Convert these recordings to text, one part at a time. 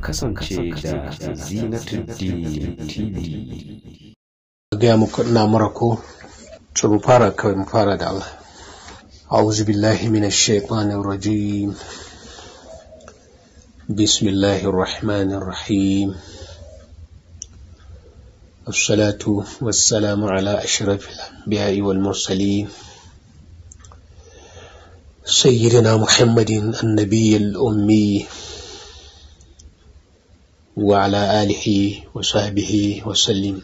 kasance da Zinatu TV. Gaya muku ina ce mu fara mu fara da Allah. أعوذ بالله من الشيطان الرجيم بسم الله الرحمن الرحيم الصلاة والسلام على أشرف الأنبياء والمرسلين سيدنا محمد النبي الأمي وعلى آله وصحبه وسلم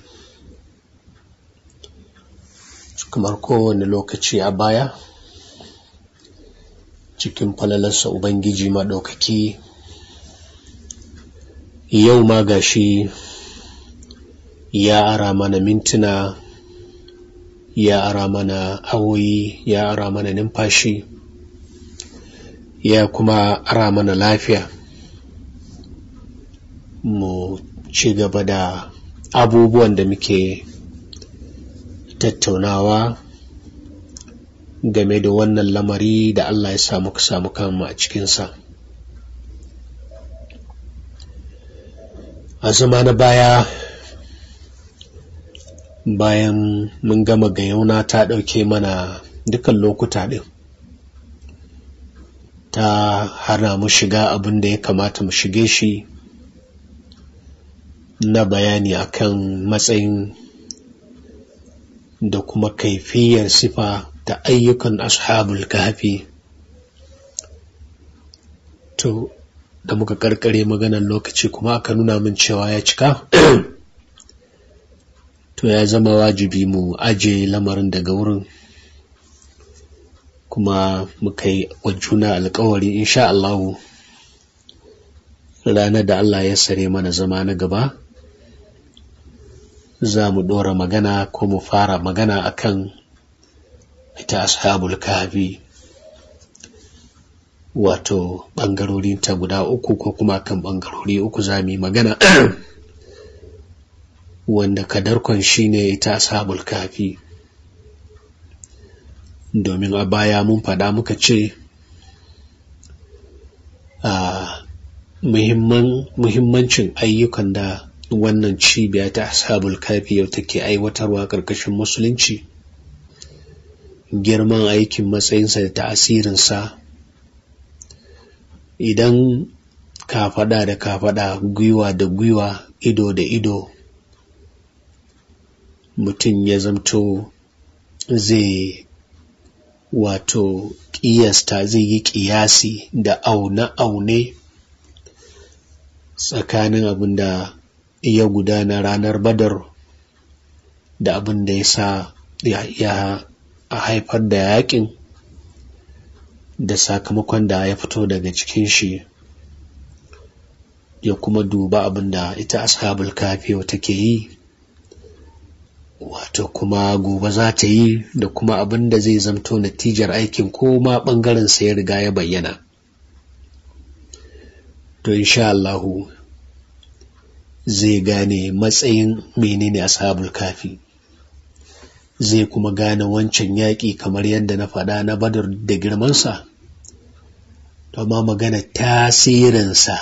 kamar kowane lokaci a baya cikin falalarsa ubangiji maɗaukaki yau ma gashi ya ara mana mintuna ya ara mana awoyi ya ara mana numfashi ya kuma ara mana lafiya mu ci gaba da abubuwan da muke tattaunawa game da wannan lamari da Allah ya samu ka samu kanmu a cikinsa. A zama na baya bayan mun gama gayauna ta ɗauke mana dukan lokuta ɗin ta hana mu shiga abin da ya kamata mu shige shi na bayani akan matsayin da kuma kaifiyar sifa da ayyukan ashabul kafi to da muka karkare maganar lokaci kuma aka nuna min cewa ya cika to ya zama wajibi mu aje lamarin daga wurin kuma muka yi wa juna alkawari insha Allah ranar da Allah ya sare mana zama na gaba za mu ɗora magana ko mu fara magana akan ita ashabul kahfi wato ta guda uku ko kuma kan ɓangarori uku za mu yi magana wanda kadarkon shi ne ita ashabul kahfi domin a baya mun faɗa muka ce a ah, muhimmancin ayyukan da wannan cibiya ta ashabul kafi yau take aiwatarwa ƙarƙashin musulunci girman aikin matsayinsa da ta'asirinsa idan kafaɗa da kafaɗa gwiwa da gwiwa ido da ido mutum ya zamto zai wato ƙiyasta zai yi ƙiyasi da aune-aune tsakanin abin da ya gudana ranar badar da abin da ya sa ya haifar da yakin da sakamakon da ya fito daga cikin shi ya kuma duba abin da ita ashabul kafiyo take yi wato kuma gobe za ta yi da kuma abin da zai zamto natijar aikin ko ma ɓangaren sa ya riga ya bayyana to insha Allahu zai gane matsayin menene ashabul kafi zai kuma gane wancan yaƙi kamar yadda na faɗa na badar da girmansa Tama magana tasirinsa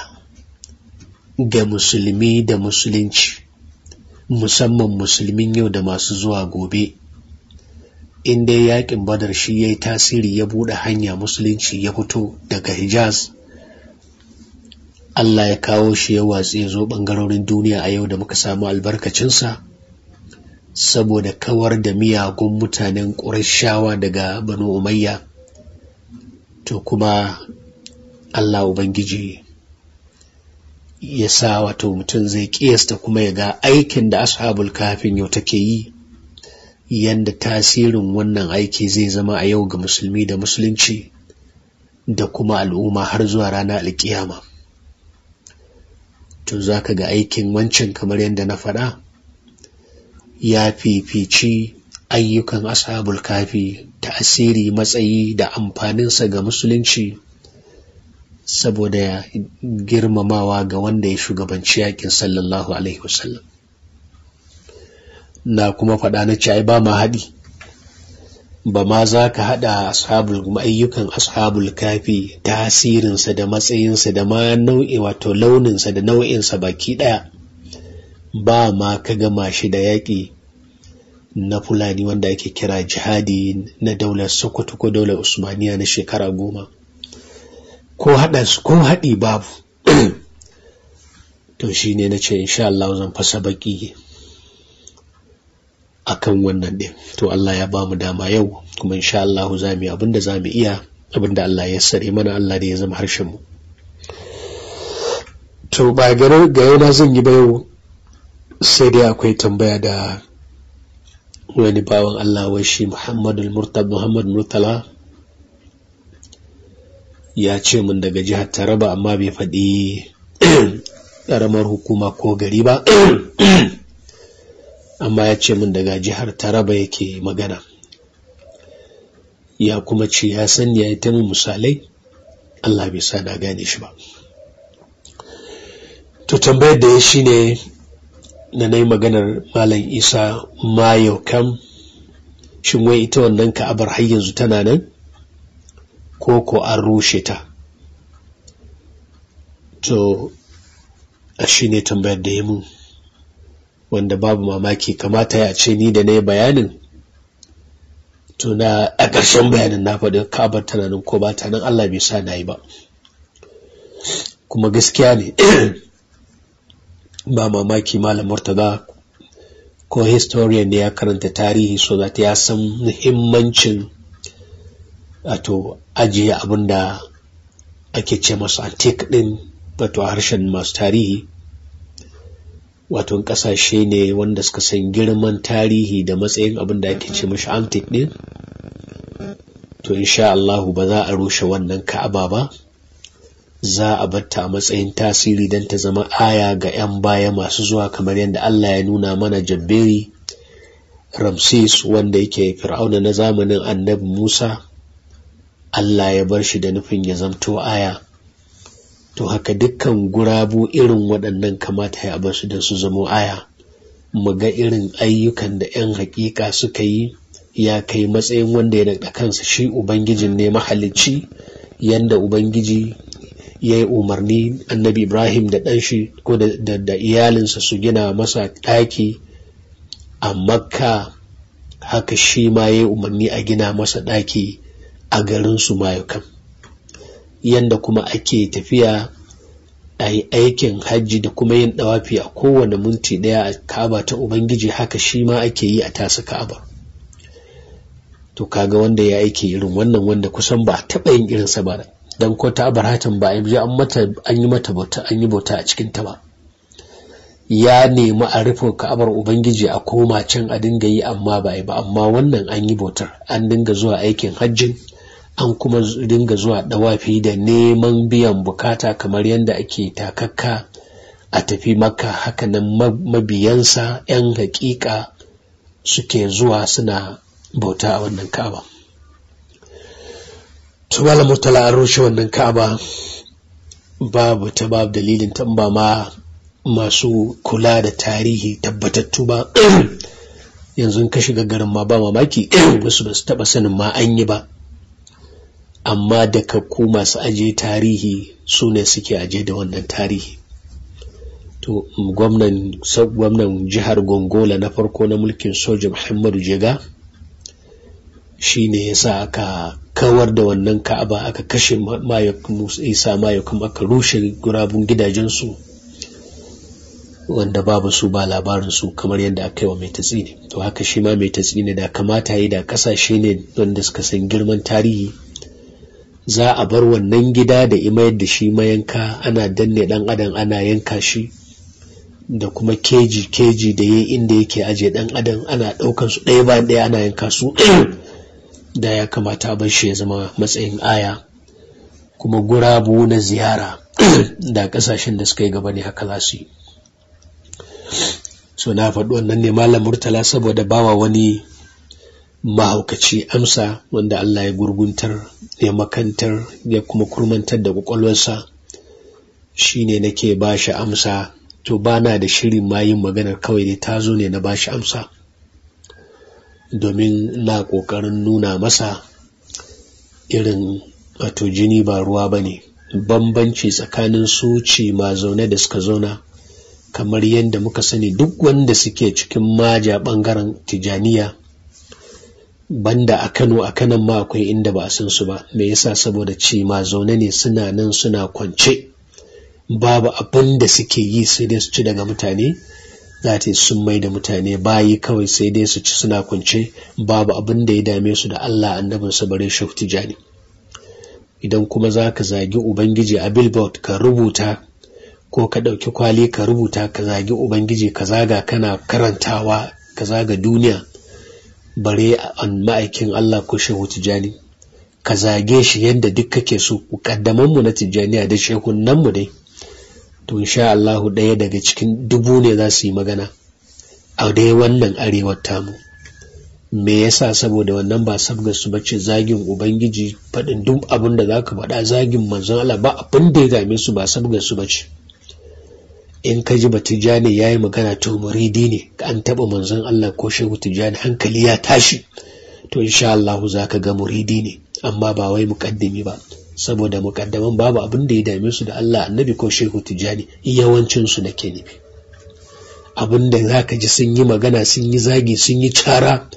ga musulmi da musulunci musamman musulmin yau da masu zuwa gobe in dai yaƙin badar shi ya yi tasiri ya buɗe hanya musulunci ya fito daga hijaz Allah ya kawo shi ya watsi ya zo ɓangarorin duniya a yau da muka samu albarkacinsa saboda kawar da miyagun mutanen ƙurashawa daga banu umayya to kuma Allah Ubangiji ya sa wato mutum zai ƙiyasta kuma ya ga aikin da ashabul kafin yau take yi yanda tasirin wannan aiki zai zama a yau ga musulmi da musulunci da kuma al'umma har zuwa rana alkiyama. to za ka ga aikin wancan kamar yadda na faɗa ya fifici ayyukan ashabul kafi ta asiri matsayi da amfaninsa ga musulunci saboda girmamawa ga wanda ya shugabanci yakin sallallahu alaihi wasallam na kuma faɗa na ci ba ma haɗi ba ma za ka haɗa ashabul ayyukan ashabul kafi tasirinsa da matsayinsa da ma nau'i wato launinsa da nau'insa baki ɗaya ba ma ka gama shi da yaƙi na fulani wanda ake kira jihadi na daular sokoto ko daular usmaniya na shekara goma ko haɗa ko haɗi babu to shine na ce insha Allah zan fasa baki akan wannan din to Allah ya bamu dama yau kuma insha Allah za mu yi abinda za mu iya abinda Allah ya sare mana Allah da ya zama harshen mu to ba gare ga na zan yi ba yau sai dai akwai tambaya da wani bawan Allah wai shi Muhammad Murtala Muhammad Murtala ya ce mun daga jihar Taraba amma bai faɗi ƙaramar hukuma ko gari ba amma ya ce min daga jihar taraba yake magana ya kuma ce ya sani ya yi ta min misalai allah bai sa na gane shi ba to tambayar da ya shi ne na yi maganar malam isa mayo kam shin wai ita wannan ka'abar har yanzu tana nan ko ko an rushe ta to a shi ne tambayar da ya mun wanda babu mamaki kamata ya ce ni da na yi bayanin to na a ƙarshen bayanin na faɗi ka'abar tana nan ko ba ta nan Allah bai sa na yi ba kuma gaskiya ne ba mamaki malam murtaza ko historian ne ya karanta tarihi so ta ya san muhimmancin wato ajiye abin da ake ce masu antik din wato harshen masu tarihi wato kasashe ne wanda suka san girman tarihi da matsayin abin da ake ce mashi antik ɗin to insha Allahu ba za a rushe wannan ka'aba ba za a batta a matsayin tasiri don ta zama aya ga 'yan baya masu zuwa kamar yadda Allah ya nuna mana jabberi ramses wanda yake fir'auna na zamanin annabi musa Allah ya bar shi da nufin ya zamto aya to haka dukkan gurabu irin waɗannan kamata ya basu da su zamo aya mu ga irin ayyukan da 'yan hakika suka yi ya kai matsayin wanda ya daɗa kansa shi ubangijin ne mahalicci yanda ubangiji ya yi umarni annabi ibrahim da ɗanshi ko da iyalinsa su gina masa ɗaki a makka haka shi ma ya yi umarni a gina masa ɗaki a garin su mayukan yanda kuma ake tafiya a yi aikin hajji da kuma yin dawafi a kowane minti daya a kaba ta ubangiji haka shi ma ake yi a tasa ka'abar to kaga wanda ya aiki irin wannan wanda kusan ba taɓa yin irin sa ba dan ko ta barhatan ba yaji an mata an yi mata bauta an yi bauta a cikin ta ba ya nemi a rufe ka'abar ubangiji a koma can a dinga yi amma ba ba amma wannan an yi bautar an dinga zuwa aikin hajjin an kuma dinga zuwa dawafi da neman biyan bukata kamar yadda ake takakka a tafi makka hakanan mabiyansa 'yan hakika suke zuwa suna bauta a wannan ka'aba tubala murtala an rushe wannan ka'aba babu ta babu dalilin tamba ma masu kula da tarihi tabbatattu ba yanzu ka shiga garin ma ba mamaki wasu ba su taba sanin ma an yi ba amma da ku masu aje tarihi su ne suke aje da wannan tarihi to gwamnan jihar gongola na farko na mulkin soja muhammadu jega shi ne ya sa aka kawar da wannan ka'aba aka kashe isa mayakun aka rushe gurabun gidajensu wanda babu su ba labarin su kamar yadda aka yi wa mai tatsini to haka shi ma mai tatsini da kamata yi da kasashe ne wanda suka san girman tarihi za a bar wannan gida da imayar da shi mayanka ana danne dan adam ana yanka shi da kuma keji keji da yayi inda yake aje dan adam ana daukan su ɗaya bayan ɗaya ana yanka su da ya kamata a shi ya zama matsayin aya kuma gurabu na ziyara da kasashen da suka yi gaba ne haka za yi so na faɗi wannan ne malam murtala saboda bawa wani mahaukaci amsa wanda Allah ya gurguntar ya makantar ya kuma kurmantar da kwakwalwarsa shi ne nake ba shi amsa to ba na da shirin ma yin maganar kawai dai ta zo ne na ba shi amsa domin na ƙoƙarin nuna masa irin wato jini ba ruwa ba ne bambanci tsakanin suci ma zaune da suka zauna kamar yadda muka sani duk wanda suke cikin maja ɓangaren tijaniya banda a Kano a kanan ma akwai inda ba a san su ba me yasa saboda ci ma zaune ne suna nan suna kwance babu abin da suke yi sai dai su ci daga mutane za sun mai da mutane bayi kawai sai dai su ci suna kwance babu abin da ya dame su da Allah annabin sa bare shaf tijani idan kuma zaka zagi ubangiji a billboard ka rubuta ko ka ɗauki kwali ka rubuta ka zagi ubangiji ka zaga kana karantawa ka zaga duniya bare an ma'aikin Allah ko shehu tijani ka zage shi yadda duk kake so mu na tijjaniya da mu dai to insha Allahu ɗaya daga cikin dubu ne za su yi magana a dai wannan arewar tamu me yasa saboda wannan ba sabgar su bace zagin ubangiji faɗin duk abin da zaka faɗa zagin manzon Allah ba abin da ya game su ba sabgar su bace in ka ji batijani ya yi magana to muridi ne an taɓa manzon Allah ko shehu Tijjani hankali ya tashi to insha Allah za ka ga muridi ne amma ba wai muƙaddimi ba saboda muƙaddaman babu abin da ya dame su da Allah annabi ko shehu tijani yawancin su nake nufi abin da za ka ji sun yi magana sun yi zagi sun yi cara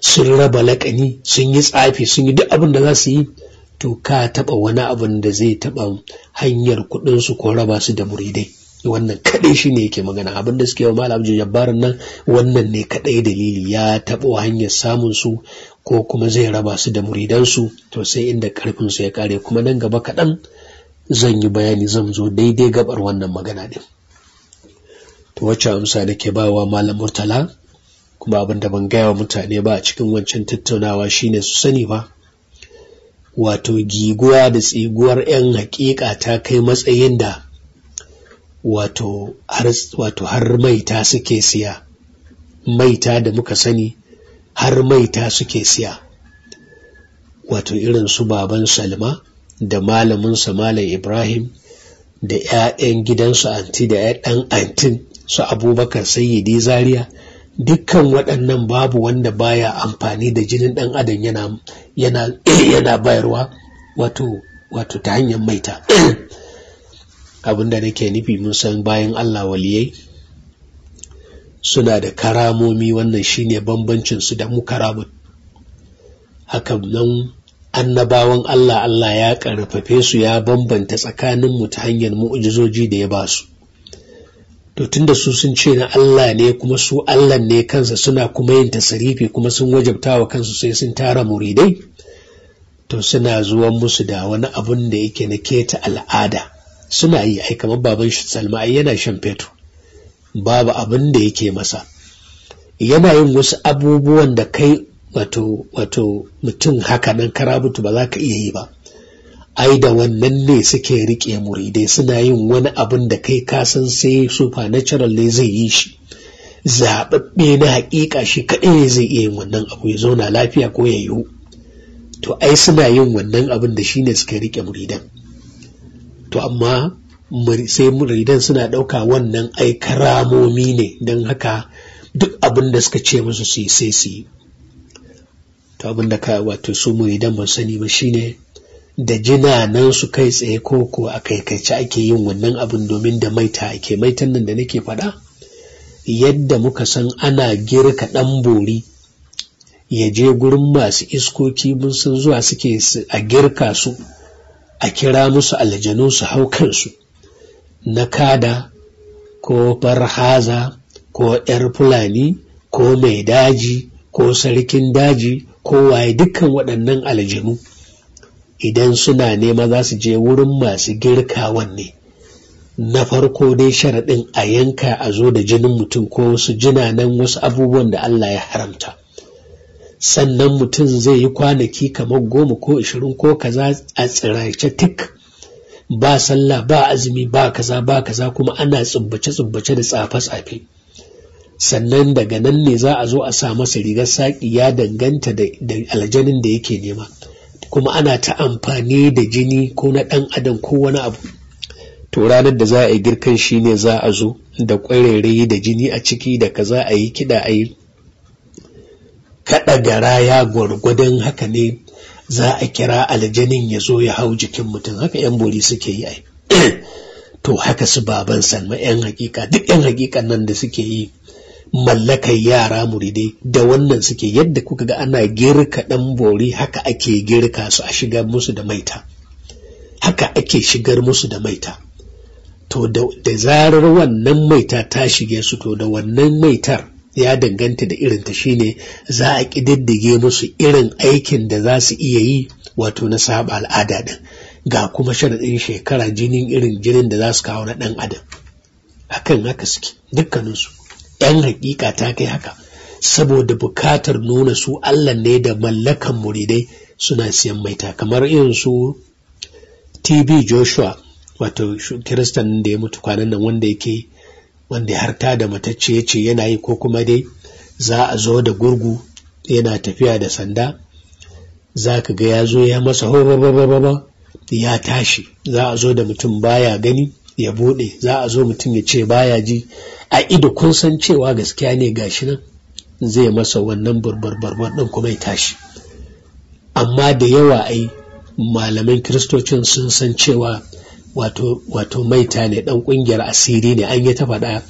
sun raba lakani sun yi tsafi sun yi duk abin da za su yi to ka taɓa wani abin da zai taɓa hanyar kuɗinsu ko raba su da muridai wannan kaɗai shi ne yake magana abinda da suke yawa malam jabbarin nan wannan ne kaɗai dalili ya taɓa hanyar samun su ko kuma zai raba su da muridansu to sai inda karfin su ya ƙare kuma nan gaba kaɗan zan yi bayani zan zo daidai gabar wannan magana ɗin. to wacce amsa da ke bawa malam murtala kuma abin da ban gaya wa mutane ba a cikin wancan tattaunawa shine su sani ba wato giguwa da tsiguwar 'yan hakika ta kai matsayin da wato har maita suke siya maita da muka sani har maita suke siya wato irin su baban salma da malaminsa malam ibrahim da 'ya'yan gidansu anti da 'ya'yan antin su abubakar sayyidi zaria dukkan waɗannan babu wanda baya amfani da jinin ɗan adam yana bayarwa wato ta hanyar maita abin da nake nufi mun san bayan Allah waliyai suna da karamomi wannan shine bambancin su da mu karamun hakan nan annabawan Allah Allah ya karfafe su ya bambanta tsakanin mu ta hanyar mu'jizoji da ya ba su to tunda su sun ce na Allah ne kuma su Allah ne kansa suna kuma yin tasarifi kuma sun wajabta wa kansu sai sun tara muridai to suna zuwan musu da wani abun da yake na keta al'ada suna yi ai kamar baban shi salma ai yana shan fetur babu abin da yake masa yana yin wasu abubuwan da kai wato wato mutum haka nan karabutu ba za ka iya yi ba ai da wannan ne suke rike muridai suna yin wani abin da kai ka san sai supernatural ne zai yi shi zaɓaɓɓe na haƙiƙa shi kaɗai ne zai iya yin wannan abu ya zauna lafiya ko ya yiwu to ai suna yin wannan abin da shi ne suke rike muridan to amma sai muridan suna ɗauka wannan aikaramomi ne don haka duk abin da suka ce musu su yi sai su yi to abin da ka wato su muridan ban sani ba shine da jina nan su kai tsaye ko ko a kaikaice ake yin wannan abin domin da maita ake maitan nan da nake faɗa yadda muka san ana girka ɗan bori ya je gurin masu iskoki mun san zuwa suke a girka su a kira musu aljanu su hau kansu na kada ko farhaza ko ‘yar fulani ko mai daji ko sarkin daji ko waye dukkan waɗannan aljanu idan suna nema za su je wurin masu girkawan ne na farko dai sharaɗin a yanka a zo da jinin mutum ko wasu jinanan wasu abubuwan da Allah ya haramta. sannan mutum zai yi kwanaki kamar goma ko ashirin ko kaza a tsirace tik ba sallah ba azumi ba kaza ba kaza kuma ana tsubbace tsubbace da tsafe tsafe sannan daga nan ne za a zo a sa masa rigar saƙi ya danganta da aljanin da yake nema kuma ana ta amfani da jini ko na ɗan adam ko wani abu to ranar da za a yi girkan shi ne za a zo da ƙwararre da jini a ciki da kaza a yi kiɗa a yi kaɗa garaya gwargwadon haka ne za a kira aljanin ya zo ya hau jikin mutum haka 'yan bori suke yi to haka su baban salma 'yan hakika duk 'yan hakika nan da suke yi mallakar yara muridai da wannan suke yadda kuka ga ana girka ɗan bori haka ake girka su a shigar musu da maita haka ake shigar musu da maita to da zarar wannan maita ta shige su to da wannan maitar ya danganta da irinta ta shine za a ƙididdige musu irin aikin da za su iya yi wato na saba al'ada ɗin ga kuma sharaɗin shekara jinin irin jinin da za su kawo na ɗan adam hakan haka suke dukkaninsu ‘yan hakika ta kai haka saboda bukatar nuna su Allah ne da mallakan muridai suna siyan maita kamar irin su TB Joshua wato kiristan da ya mutu kwanan nan wanda yake wanda har ta da matacce ya ce yana yi ko kuma dai za a zo da gurgu yana tafiya da sanda za ka ga ya zo ya masa ba ya tashi za a zo da mutum baya gani ya buɗe za a zo mutum ya ce baya ji a ido kun san cewa gaskiya ne gashi nan zai masa wannan burbarbar ɗin kuma ya tashi amma da yawa ai malaman kiristocin sun san cewa wato maita ne dan kungiyar asiri ne an yi ta faɗa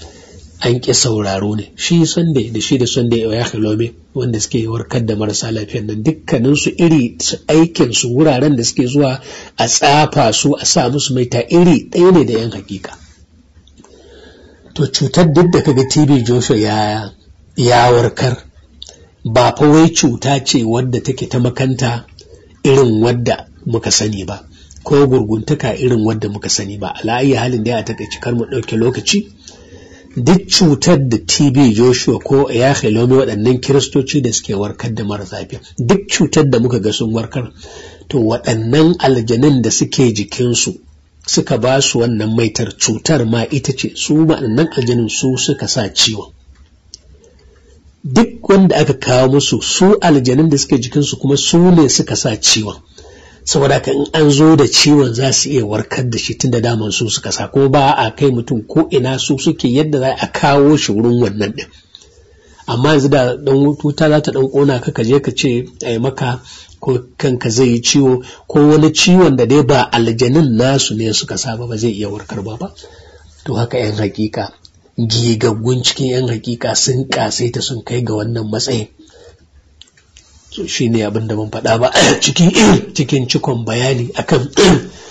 an ƙi sauraro ne shi sunday da shi da sunday ya kalome wanda suke warkar da marasa lafiyar nan dukkanin su iri aikin su wuraren da suke zuwa a tsafa su a sa musu maita iri ɗaya ne da yan hakika to cutar duk da kaga TV joshua ya ya warkar ba fa wai cuta ce wadda take ta makanta irin wadda muka sani ba ko gurguntuka irin wadda muka sani ba A la'ayi halin da ya takaici kar mu ɗauke lokaci duk cutar da tb joshua ko ya lomi waɗannan kiristoci da suke warkar da mara zafi. duk cutar da muka ga sun warkar to waɗannan aljanun da suke jikinsu suka ba su wannan maitar cutar ma ita ce su waɗannan aljanin su suka sa ciwon duk wanda aka kawo musu su aljanun da suke jikinsu kuma su ne suka sa ciwon saboda ka in an zo da ciwon za su iya warkar da shi tun da daman su suka sa ko ba a kai mutum ko ina su suke yadda za a kawo shi wurin wannan din amma yanzu da dan wuta za ta dan kona ka ka ka ce ai maka ko kanka zai yi ciwo ko wani ciwon da dai ba aljanin nasu ne suka sa ba zai iya warkar ba ba to haka yan hakika gigaggun cikin yan hakika sun kasaita sun kai ga wannan matsayin shi ne abin da mun faɗa ba cikin cikon bayani akan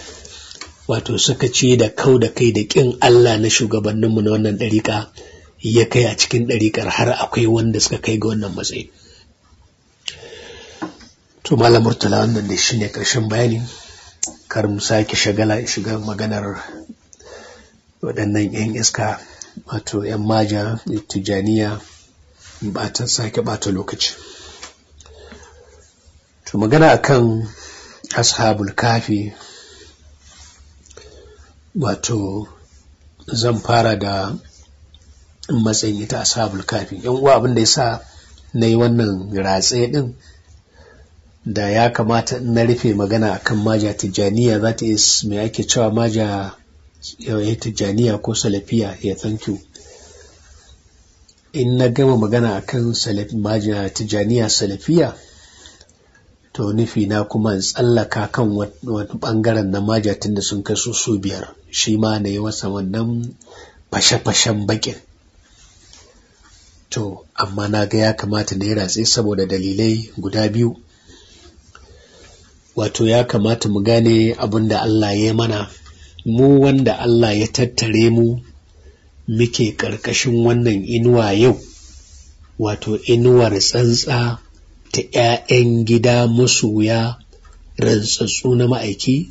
wato suka ce da kau da kai da ƙin Allah na shugabanninmu na wannan ɗariƙa ya kai a cikin ɗariƙar har akwai wanda suka kai ga wannan matsayi. To Malam Murtala wannan da shi ne ƙarshen bayani kar mu sake shagala shiga maganar waɗannan 'yan iska wato 'yan maja Tijjaniya, ba ta sake ɓata lokaci. magana akan ashabul kafi wato zan fara da matsayin ita ashabul kafi yan uwa abin da ya sa na yi wannan ratse din da ya kamata na rufe magana akan maja tijjaniya za ta mai ake cewa maja eh, tijjaniya ko salafiya ya eh, thank you in na gama magana akan maja tijjaniya salafiya to nufi na kuma in tsallaka kan wani bangaren na majatin da sun kai su biyar shi ma na yi wasa wannan fashe-fashen bakin to amma na ga ya kamata na yi ratse saboda dalilai guda biyu wato ya kamata mu gane abin da Allah ya mana mu wanda Allah ya tattare mu muke ƙarƙashin wannan inuwa yau wato inuwar tsantsa ta ‘ya'yan gida masoya rantsatsu na ma'aiki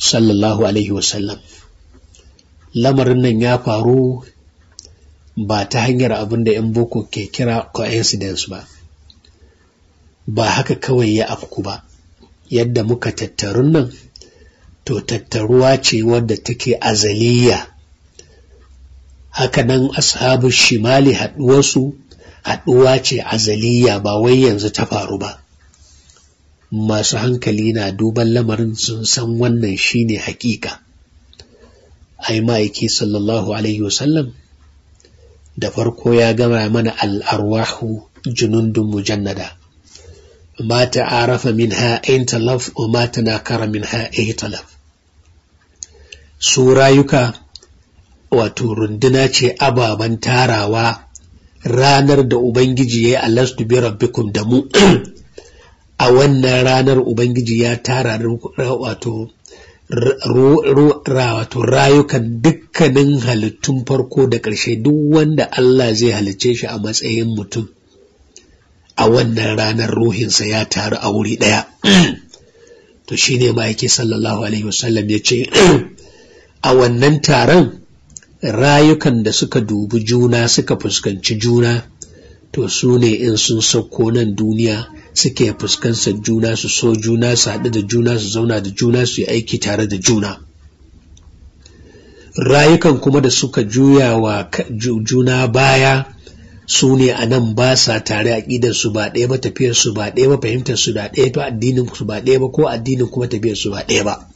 sallallahu alaihi wasallam lamarin nan ya faru ba ta hanyar abin da 'yan boko ke kira coincidence ba ba haka kawai ya afku ba yadda muka tattarun nan to tattaruwa ce wadda take azaliya hakanan ashabu shimali haɗuwarsu haɗuwa ce azaliya ba wai yanzu ta faru ba masu hankali na duban lamarin sun san wannan shine hakika ai ma'aiki sallallahu alaihi wasallam da farko ya gama mana al'arwahu junundun mujannada mata arafa minha laf, wa ma tanakara minha ihtalaf su rayuka wato runduna ce ababen tarawa ranar da ubangiji ya yi alastu bi rabbikum da mu a wannan ranar ubangiji ya tara wato rayukan dukkanin halittun farko da ƙarshe duk wanda Allah zai halicce shi a matsayin mutum a wannan ranar ruhinsa ya taru a wuri ɗaya to shi ne ma yake sallallahu alaihi wasallam ya ce a wannan taron rayukan da suka dubi juna suka fuskanci juna to su ne in sun sauko nan duniya suke fuskantar juna su so juna su haɗu da juna su zauna da juna su yi aiki tare da juna rayukan kuma da suka juya wa juna baya su ne a nan ba sa tare a su ba ɗaya ba tafiyar ba ɗaya ba fahimtar su da ɗaya ba addinin su ba ɗaya ba ko addinin kuma tafiyar su ba ɗaya ba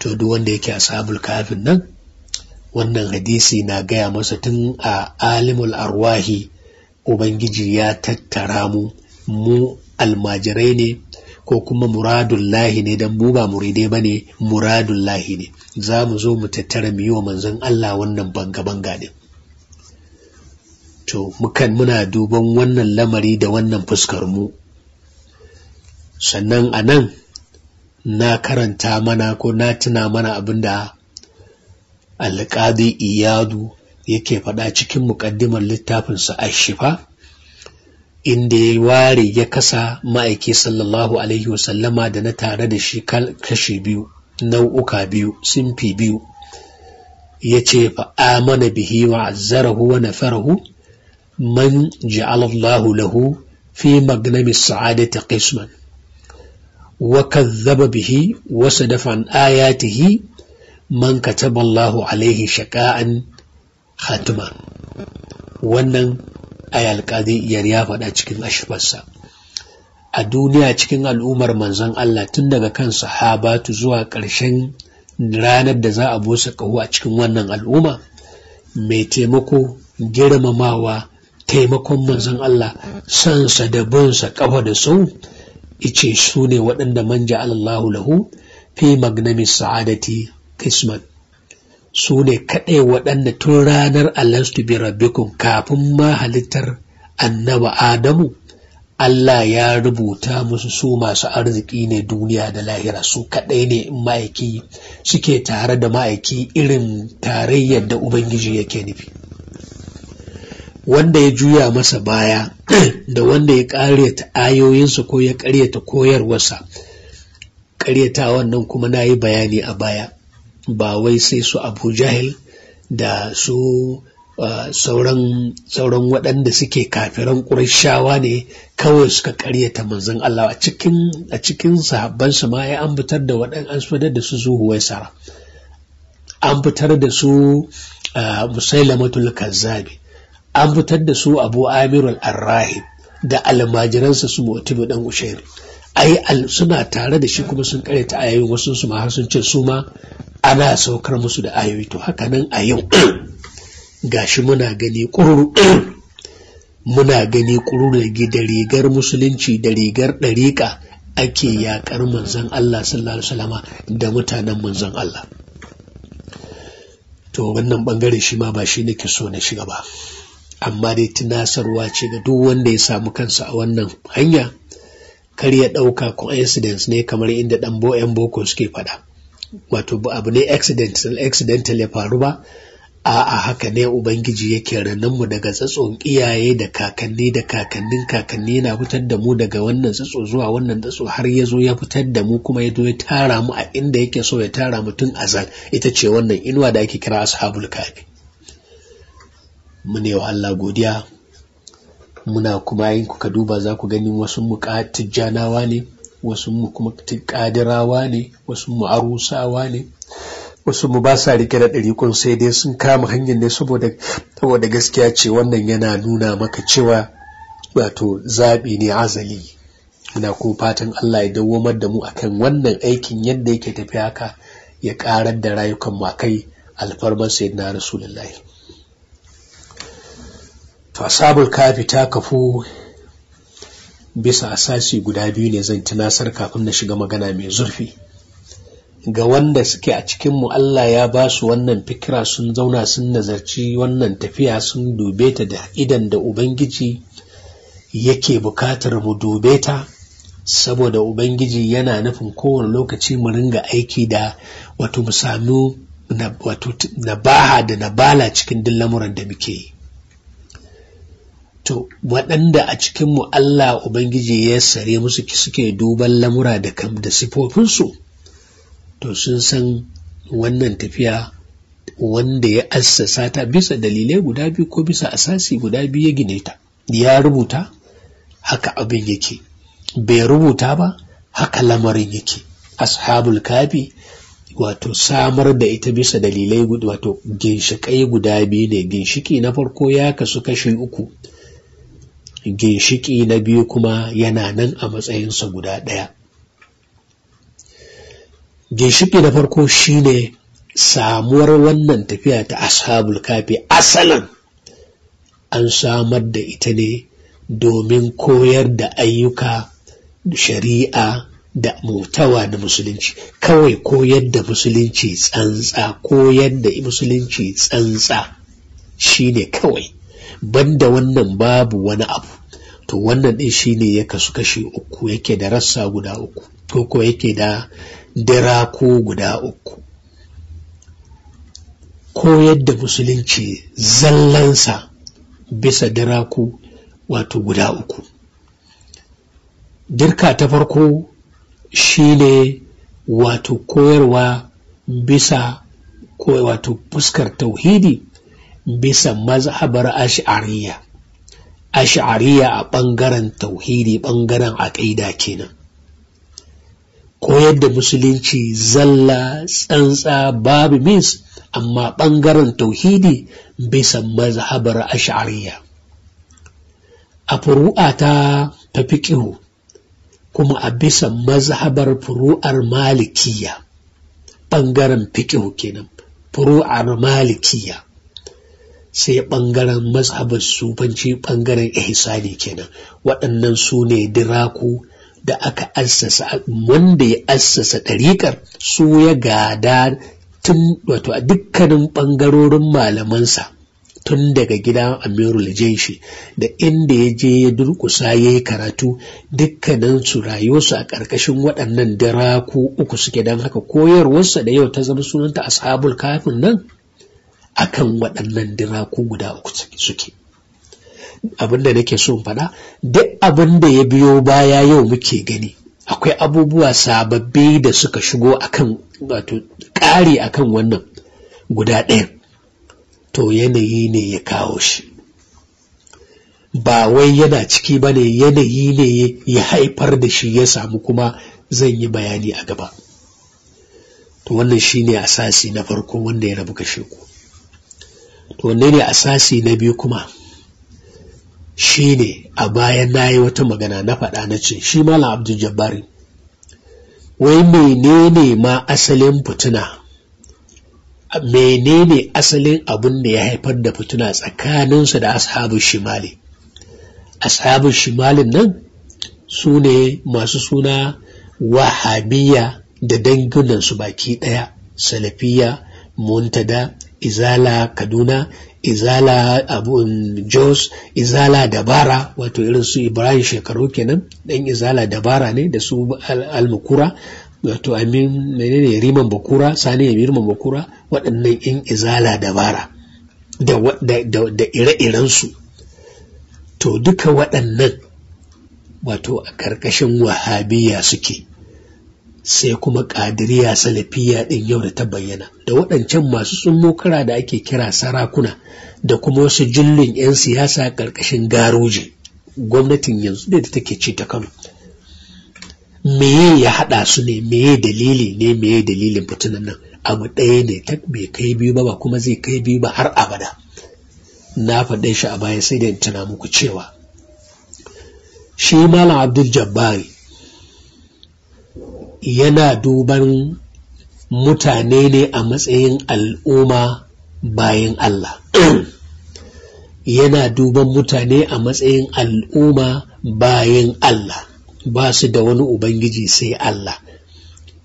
to duk wanda yake sabul kafin nan wannan hadisi na gaya masa tun a alimul arwahi ubangiji ya tattara mu mu almajirai ne ko kuma muradullahi ne don mu ba muridai ba ne lahi ne za mu zo mu tattara mu yi wa manzon Allah wannan banga-banga ne to mukan muna duban wannan lamari da wannan fuskar mu sannan a nan na karanta mana ko na tuna mana abin abinda alƙadi iyadu yake faɗa cikin muƙaddimar littafinsa a shifa inda ya ware ya kasa ma'aiki sallallahu alaihi wasallama da na tare da shi kashe biyu nau'uka biyu simfi biyu ya ce fa'amana bihi wa azzarahu wa nafarahu man ja'alallahu lahu fi magnami sa'adati qisman wa kazzaba bihi wa sadafa ayatihi man kataballahu alaihi shaka'an khatuma wannan ayal qadi yar ya faɗa cikin ashfarsa a duniya cikin al'ummar manzon Allah tun daga kan sahabatu zuwa ƙarshen ranar da za a busa kahu a cikin wannan al'umma mai taimako girmamawa taimakon manzon Allah sansa da binsa ƙafa da sau ice su ne waɗanda manja Allahu lahu fi magnamin sa'adati kisman su ne kaɗai waɗanda tun ranar alastu bi rabbikun kafin ma halittar annaba adamu Allah ya rubuta musu su masu arziki ne duniya da lahira su kaɗai ne ma'aiki suke tare da ma'aiki irin tarayyar da Ubangiji yake nufi. Wanda ya juya masa baya da wanda ya ƙaryata ayoyinsa ko ya ƙaryata koyarwarsa, ƙaryata wannan kuma na yi bayani a baya. ba wai sai su abu jahil da su uh, sauran waɗanda suke kafiran shawa ne kawai suka ƙaryata manzon Allah a cikin a su ma ya an fitar da waɗanda an fitar da su wai sara an fitar da su uh, musailamatul kazzabi an fitar da su abu amirul arrahi da almajiransa su motibu ɗan ushairu ai suna tare da shi kuma sun karyata ayoyi wasu su ma har sun ce su ma ana saukar musu da ayoyi to haka nan a yau gashi muna gani kururu muna gani kururu da rigar musulunci da rigar ɗariƙa ake yaƙar manzon Allah sallallahu alaihi wasallama da mutanen manzon Allah to wannan bangare shi ma ba shi nake so na shiga ba amma dai tunasarwa ce ga duk wanda ya samu kansa a wannan hanya kar ya ɗauka coincidence ne kamar inda ɗan yan boko suke faɗa wato abu ne accidental accidental ya faru ba a'a haka ne ubangiji yake mu daga tsatson iyaye da kakanni da kakannin kakanni yana fitar da mu daga wannan tsatso zuwa wannan tsatso har ya zo ya fitar da mu kuma ya zo ya tara mu a inda yake so ya tara mu tun azal ita ce wannan inuwa da ake kira ashabul kafi mu ne wa Allah godiya muna kuma yin kuka duba za ku gani wasu mu tijjanawa ne wasu mu kuma kadirawa ne wasu mu arusawa ne wasu mu ba sa rike da ɗarikun sai dai sun kama hanyar ne saboda gaskiya ce wannan yana nuna maka cewa wato zaɓi ne azali muna kuma fatan Allah ya dawwamar da mu akan wannan aikin yadda yake tafi haka ya ƙarar da rayukan mu kai alfarmar sayyidina rasulullahi to asabul kafi ta kafu bisa asasi guda biyu ne zan tunasar kafin na shiga magana mai zurfi ga wanda suke a cikinmu Allah ya ba su wannan fikira sun zauna sun nazarci wannan tafiya sun dube ta da idan da Ubangiji yake bukatar mu dube ta saboda Ubangiji yana nufin kowane lokaci mu ringa aiki da wato mu na wato baha da bala cikin duk lamuran da muke yi to waɗanda a cikinmu Allah Ubangiji ya sare musu suke duban lamura da kam da sifofinsu to sun san wannan tafiya wanda ya assasa ta bisa dalilai guda biyu ko bisa asasi guda biyu ya gine ta ya rubuta haka abin yake bai rubuta ba haka lamarin yake ashabul kafi wato samar da ita bisa dalilai wato ginshiƙai guda biyu ne ginshiki na farko ya kasu kashi uku ginshiki na biyu kuma yana nan a matsayinsa guda ɗaya ginshiki na farko shine samuwar wannan tafiya ta ashabul kafi asalan an samar da ita ne domin koyar da ayyuka shari'a da mutawa da musulunci kawai koyar da musulunci tsantsa koyar da musulunci tsantsa shine kawai banda wannan babu wani abu to wannan ɗin shine ya kasu kashi uku yake da rassa guda uku ko ko yake da dirako guda uku Ko yadda musulunci zallansa bisa dirako wato guda uku dirka ta farko shine wato koyarwa bisa ko wato fuskar tauhidi bisa mazhabar ash'ariya ash'ariya a ɓangaren tauhidi ɓangaren aƙida kenan koyar da musulunci zalla tsantsa babu mis amma ɓangaren tauhidi bisa mazhabar ash'ariya a furu'a ta tafiƙihu kuma a bisa mazhabar furu'ar malikiya ɓangaren fiƙihu kenan furu'ar malikiya sai ɓangaren mazhabar sufanci ɓangaren ihsani kenan waɗannan su ne diraku da aka assasa wanda ya assasa ɗariƙar su ya gada tun wato a dukkanin ɓangarorin malamansa tun daga gidan amirul jenshi da inda ya je ya durƙusa ya yi karatu dukkanin su rayuwarsu a ƙarƙashin waɗannan diraku uku suke don haka koyarwarsa da yau ta zama sunanta ashabul kafin nan akan waɗannan diraku guda uku suke abin da nake so faɗa duk abin da ya biyo baya yau muke gani akwai abubuwa sababbi da suka shigo akan wato ƙari akan wannan guda ɗaya to yanayi ne ya kawo shi ba wai yana ciki ba ne yanayi ne ya haifar da shi ya samu kuma zan yi bayani a gaba to wannan shine asasi na farko wanda ya rabu kashe ku wanne ne asasi na biyu kuma shi ne a bayan na yi wata magana na faɗa na ce shi malam abdul jabbari wai menene ma asalin fituna menene asalin abin da ya haifar da fituna tsakaninsu da ashabu shimali ashabu shimalin nan su ne masu suna wahabiya da dangunan su baki ɗaya salafiya muntada izala kaduna izala abun jos izala dabara wato irin su ibrahim shekaru kenan dan izala dabara ne da su almukura wato amin menene riman bakura sani ya riman bakura waɗannan in izala dabara da, da ire-irensu to duka waɗannan wato a ƙarƙashin wahabiya suke sai kuma ƙadiriya salafiya ɗin yau da ta bayyana da waɗancan masu tsummokara da ake kira sarakuna da kuma wasu jullun 'yan siyasa ƙarƙashin garoji gwamnatin yanzu da take ci ta kano meye ya haɗa su ne meye dalili ne meye dalilin fitinan nan abu ɗaya ne ta bai kai biyu ba kuma zai kai biyu ba har abada na faɗe shi a baya sai da in tuna muku cewa shi malam abdul jabbari yana duban mutane ne a matsayin al'umma bayan Allah yana duban mutane a matsayin al'umma bayan Allah ba su da wani ubangiji sai Allah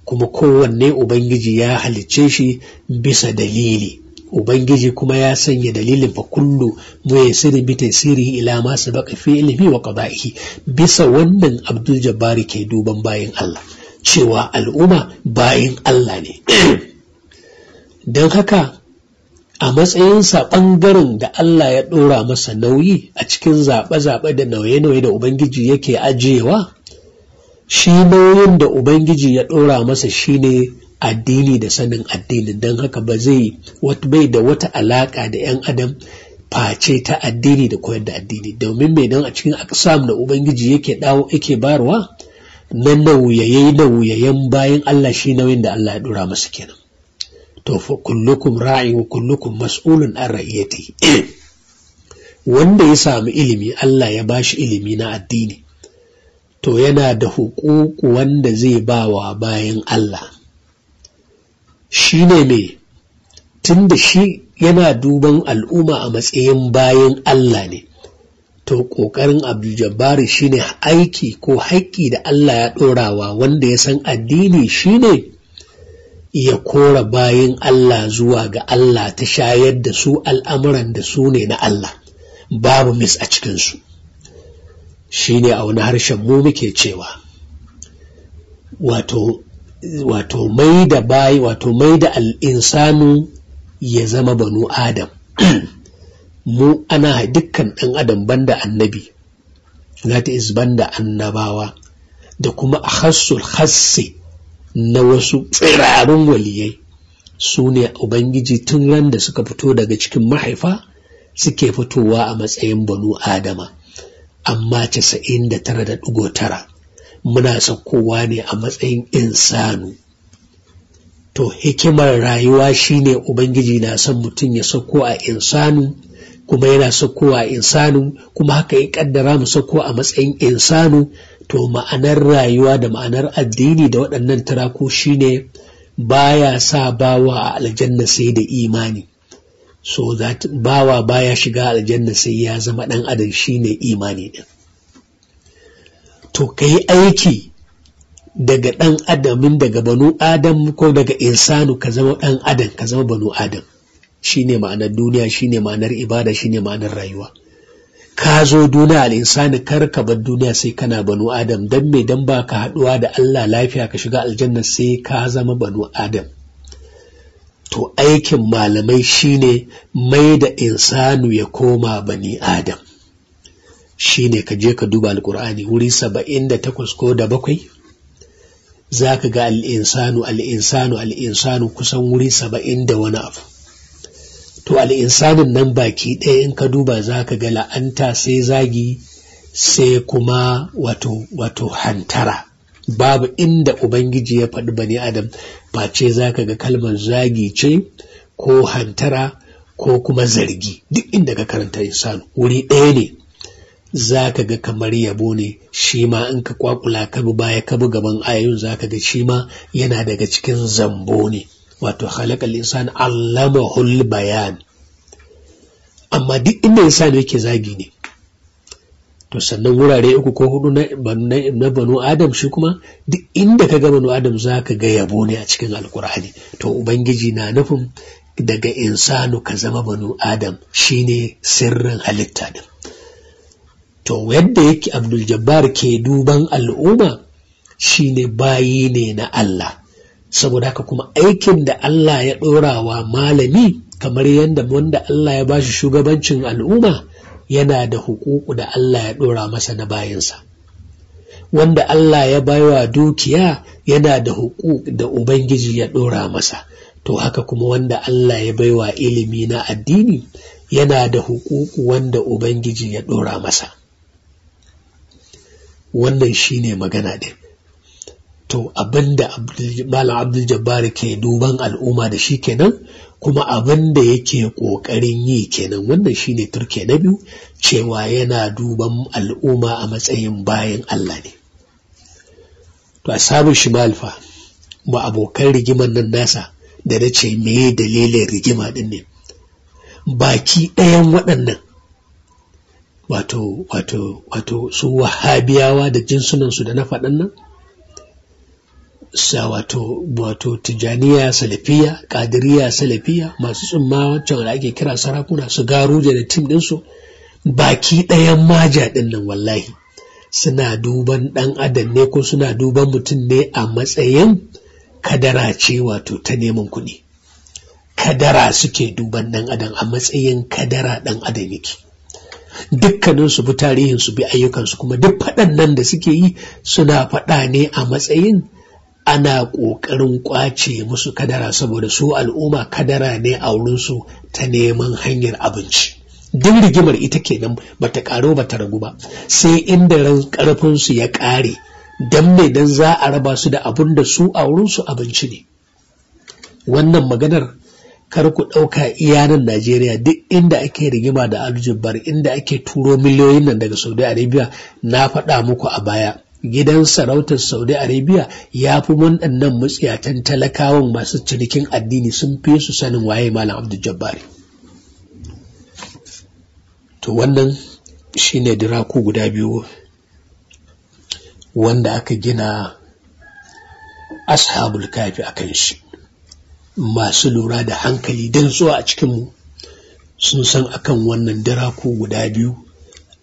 kuma kowanne ubangiji ya halicce shi bisa dalili ubangiji kuma ya sanya dalilin fa kullu muyassiri bi tasiri ila ma sabaqa fi ilmi wa qada'ihi bisa wannan abdul jabbari ke duban bayan Allah cewa al'umma bayan Allah ne don haka a matsayinsa ɓangaren da Allah ya ɗora masa nauyi a cikin zaɓe-zaɓe da nauye-nauye da Ubangiji yake ajiyewa shi nauyin da Ubangiji ya ɗora masa shi ne addini da sanin addini don haka ba zai bai da wata alaƙa da 'yan adam face ta addini da koyar da addini domin mai don a cikin aksam da Ubangiji yake dawo yake barwa na nauyaye nauyayen bayan Allah shi nauyin da Allah ya dura masa kenan to fa kullukum ra'in wa kullukum mas'ulun an ra'iyati wanda ya samu ilimi Allah ya bashi ilimi na addini to yana da hukuku wanda zai bawa bayan Allah shi ne me tunda shi yana duban al'umma a matsayin bayan Allah ne to ƙoƙarin abdul shine aiki ko haƙƙi da Allah ya ɗorawa wanda ya san addini shine ya kora bayan Allah zuwa ga Allah ta shayar da su al'amuran da su ne na Allah babu mis a cikinsu shine a wani harshen mu muke cewa wato wato mai da bayi wato mai da al'insanu ya zama banu adam mu ana dukkan ɗan adam banda annabi that is banda annabawa da kuma a hassul hasse na wasu tsirarin waliyai su ne ubangiji tun ran da suka fito daga cikin mahaifa suke fitowa a matsayin banu adama amma casa'in da tara da ɗigo tara muna saukowa ne a matsayin insanu to hikimar rayuwa shine ubangiji na son mutum ya sauko a insanu kuma yana saukowa insanu kuma haka ya kaddara mu sauko a matsayin insanu to ma'anar rayuwa da ma'anar addini da waɗannan turaku shine baya sa bawa a aljanna sai da imani so that bawa baya shiga aljanna sai ya zama ɗan adam shine imani din to kai aiki daga ɗan adamin daga banu adam ko daga insanu ka zama ɗan adam ka zama banu adam shine ma'anar duniya shine ma'anar ibada shine ma'anar rayuwa ka zo duniya al'insani kar ka bar duniya sai kana banu adam dan me dan ba ka haɗuwa da Allah lafiya ka shiga aljanna sai ka zama banu adam to aikin malamai shine mai da insanu ya koma bani adam shine ka je ka duba alkur'ani wuri saba'in da ko da bakwai zaka ga al insanu al-insanu al insanu kusan wuri saba'in da wani abu to al'insanin nan baki ɗaya in ka duba za ka ga la'anta sai zagi sai kuma wato wato hantara babu inda ubangiji ya faɗi bani adam ba ce za ka ga kalmar zagi ce ko hantara ko kuma zargi duk inda ka karanta insanu wuri ɗaya ne za ka ga kamar yabo ne shi ma in ka kwakula ka baya ka bi gaban ayoyin za ka ga shi ma yana daga cikin zambo ne wato halakal insan hul bayan amma duk inda insan yake zagi ne to sannan wurare uku ko hudu na banu adam shi kuma duk inda ka ga banu adam za ka ga yabo ne a cikin alkur'ani to ubangiji na nufin daga insanu ka zama banu adam shine sirrin halitta din to yadda yake abdul jabbar ke duban al'umma shine bayi ne na Allah saboda haka kuma aikin da Allah ya ɗora wa malami kamar yadda wanda Allah ya bashi shugabancin al'umma yana da hukuku da Allah ya ɗora masa na bayansa wanda Allah ya baiwa dukiya yana da hukuku da Ubangiji ya ɗora masa to haka kuma wanda Allah ya baiwa ilimi na addini yana da hukuku wanda Ubangiji ya ɗora masa wannan shine magana din to abinda malam abdul jabbar ke duban al'umma da shi kenan kuma abinda da yake ƙoƙarin yi kenan wannan shine turke na biyu cewa yana duban al'umma a matsayin bayan Allah ne to sabon shi malfa ba abokan rigimar nan nasa da na ce meye dalilin rigima din ne baki ɗayan waɗannan wato wato su wahabiyawa da jinsunansu da na faɗan nan wato wato tijaniya salafiya kadiriya salafiya masu tsumma wancan da ake kira sarakuna su garuje da tim ɗinsu baki ɗayan maja ɗin nan wallahi suna duban ɗan adam ne ko suna duban mutum ne a matsayin kadara ce wato ta neman kuɗi kadara suke duban ɗan adam a matsayin kadara ɗan adam yake dukkanin su bi tarihin su bi ayyukansu kuma duk faɗan nan da suke yi suna faɗa ne a matsayin ana ƙoƙarin ƙwace musu kadara saboda su al'umma kadara ne a wurinsu ta neman hanyar abinci duk rigimar ita kenan bata ƙaro bata ragu ba sai inda ran ƙarfinsu ya ƙare don mai dan za a raba su da abun da su a wurinsu abinci ne wannan maganar kar ku ɗauka iyanan Najeriya duk inda ake rigima da aljubbar inda ake turo miliyoyin nan daga Saudi Arabia na faɗa muku a baya gidan sarautar saudi arabia ya fi waɗannan matsiyatan talakawan masu cinikin addini sun fi su sanin waye malam abdul jabbari to wannan shine diraku guda biyu wanda aka gina ashabul kafi a kan shi masu lura da hankali don zuwa a cikinmu sun san akan wannan diraku guda biyu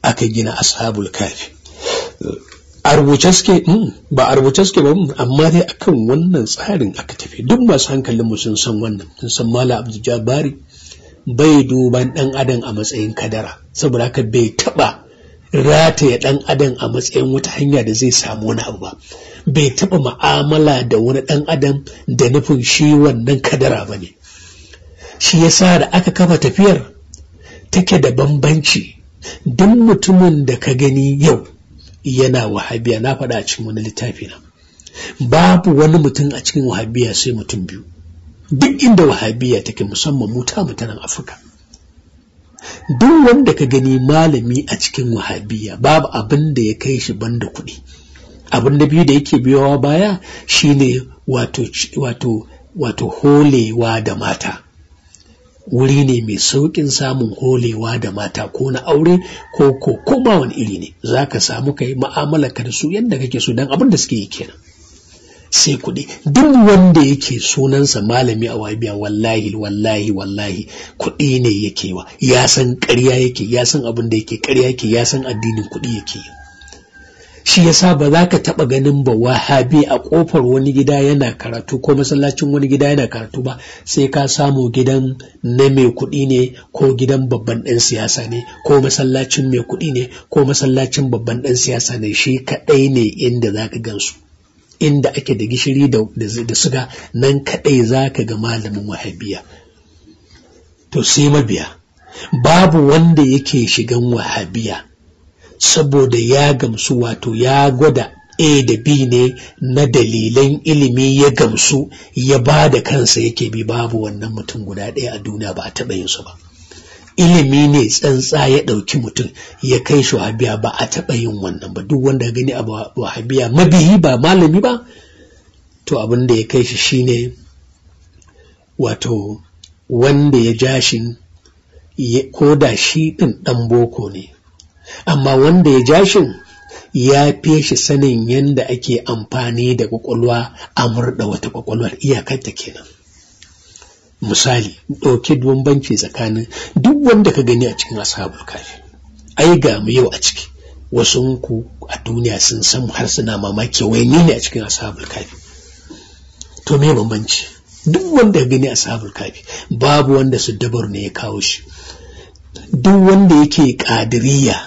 aka gina ashabul kafi a rubuce suke hmm, ba a rubuce suke ba hmm, amma dai akan wannan tsarin aka tafi duk masu hankalinmu sun san wannan sun san mala abdul jabari bai duban dan adam a matsayin kadara saboda haka bai taba rataye dan adam a matsayin wata hanya da zai samu wani abu ba bai taba ma'amala da wani dan adam da nufin shi wannan kadara ba ne shi yasa da aka kafa tafiyar take da bambanci duk mutumin da ka gani yau yana wahabiya na faɗa a cikin wani littafi na babu wani mutum a cikin wahabiya sai mutum biyu duk inda wahabiya take musamman muta ta mutanen afirka duk wanda ka gani malami a cikin wahabiya babu abin da ya kai shi banda kuɗi abin da biyu da yake biyowa baya shine wato holewa da mata wuri ne mai sauƙin samun holewa da mata ko na aure ko ko ko wani iri ne za ka samu ka yi ma'amala ka da su yadda kake so don abin da suke yi kenan sai kuɗi duk wanda yake sunansa malami a wabiya wallahi wallahi wallahi kuɗi ne yake wa ya san ƙarya yake ya san abin da yake ƙarya yake ya san addinin kuɗi yake yi shi yasa ba za ka taɓa ganin ba wahabi a ƙofar wani gida yana karatu ko masallacin wani gida yana karatu ba sai ka samu gidan na mai kuɗi ne ko gidan babban ɗan siyasa ne ko masallacin mai kuɗi ne ko masallacin babban ɗan siyasa ne shi kaɗai ne inda za ka gansu inda ake da gishiri da suga nan kaɗai za ka ga malamin wahabiya to sai mabiya babu wanda yake shigan wahabiya saboda ya gamsu wato ya gwada A da B ne na dalilan ilimi ya gamsu ya ba da kansa yake bi babu wannan mutum guda ɗaya a duniya ba a taɓa yin su ba. Ilimi ne tsantsa ya ɗauki mutum ya kai shi wahabiya ba a taɓa yin wannan ba duk wanda gani a wahabiya mabihi ba malami ba to abin da ya kai shi shine wato wanda ya jashin ko da shi ɗin ɗan boko ne amma wanda ya jashin ya fiye shi sanin yadda ake amfani da kwakwalwa a murda wata kwakwalwar iyakarta kenan misali ɗauki bambanci tsakanin duk wanda ka gani a cikin ashabul kafi ai ga mu yau a ciki wasu ku a duniya sun san har suna mamaki wai ni ne a cikin ashabul kafi to me bambanci duk wanda ka gani ashabul kafi babu wanda su dabar ne ya kawo shi duk wanda yake kadiriya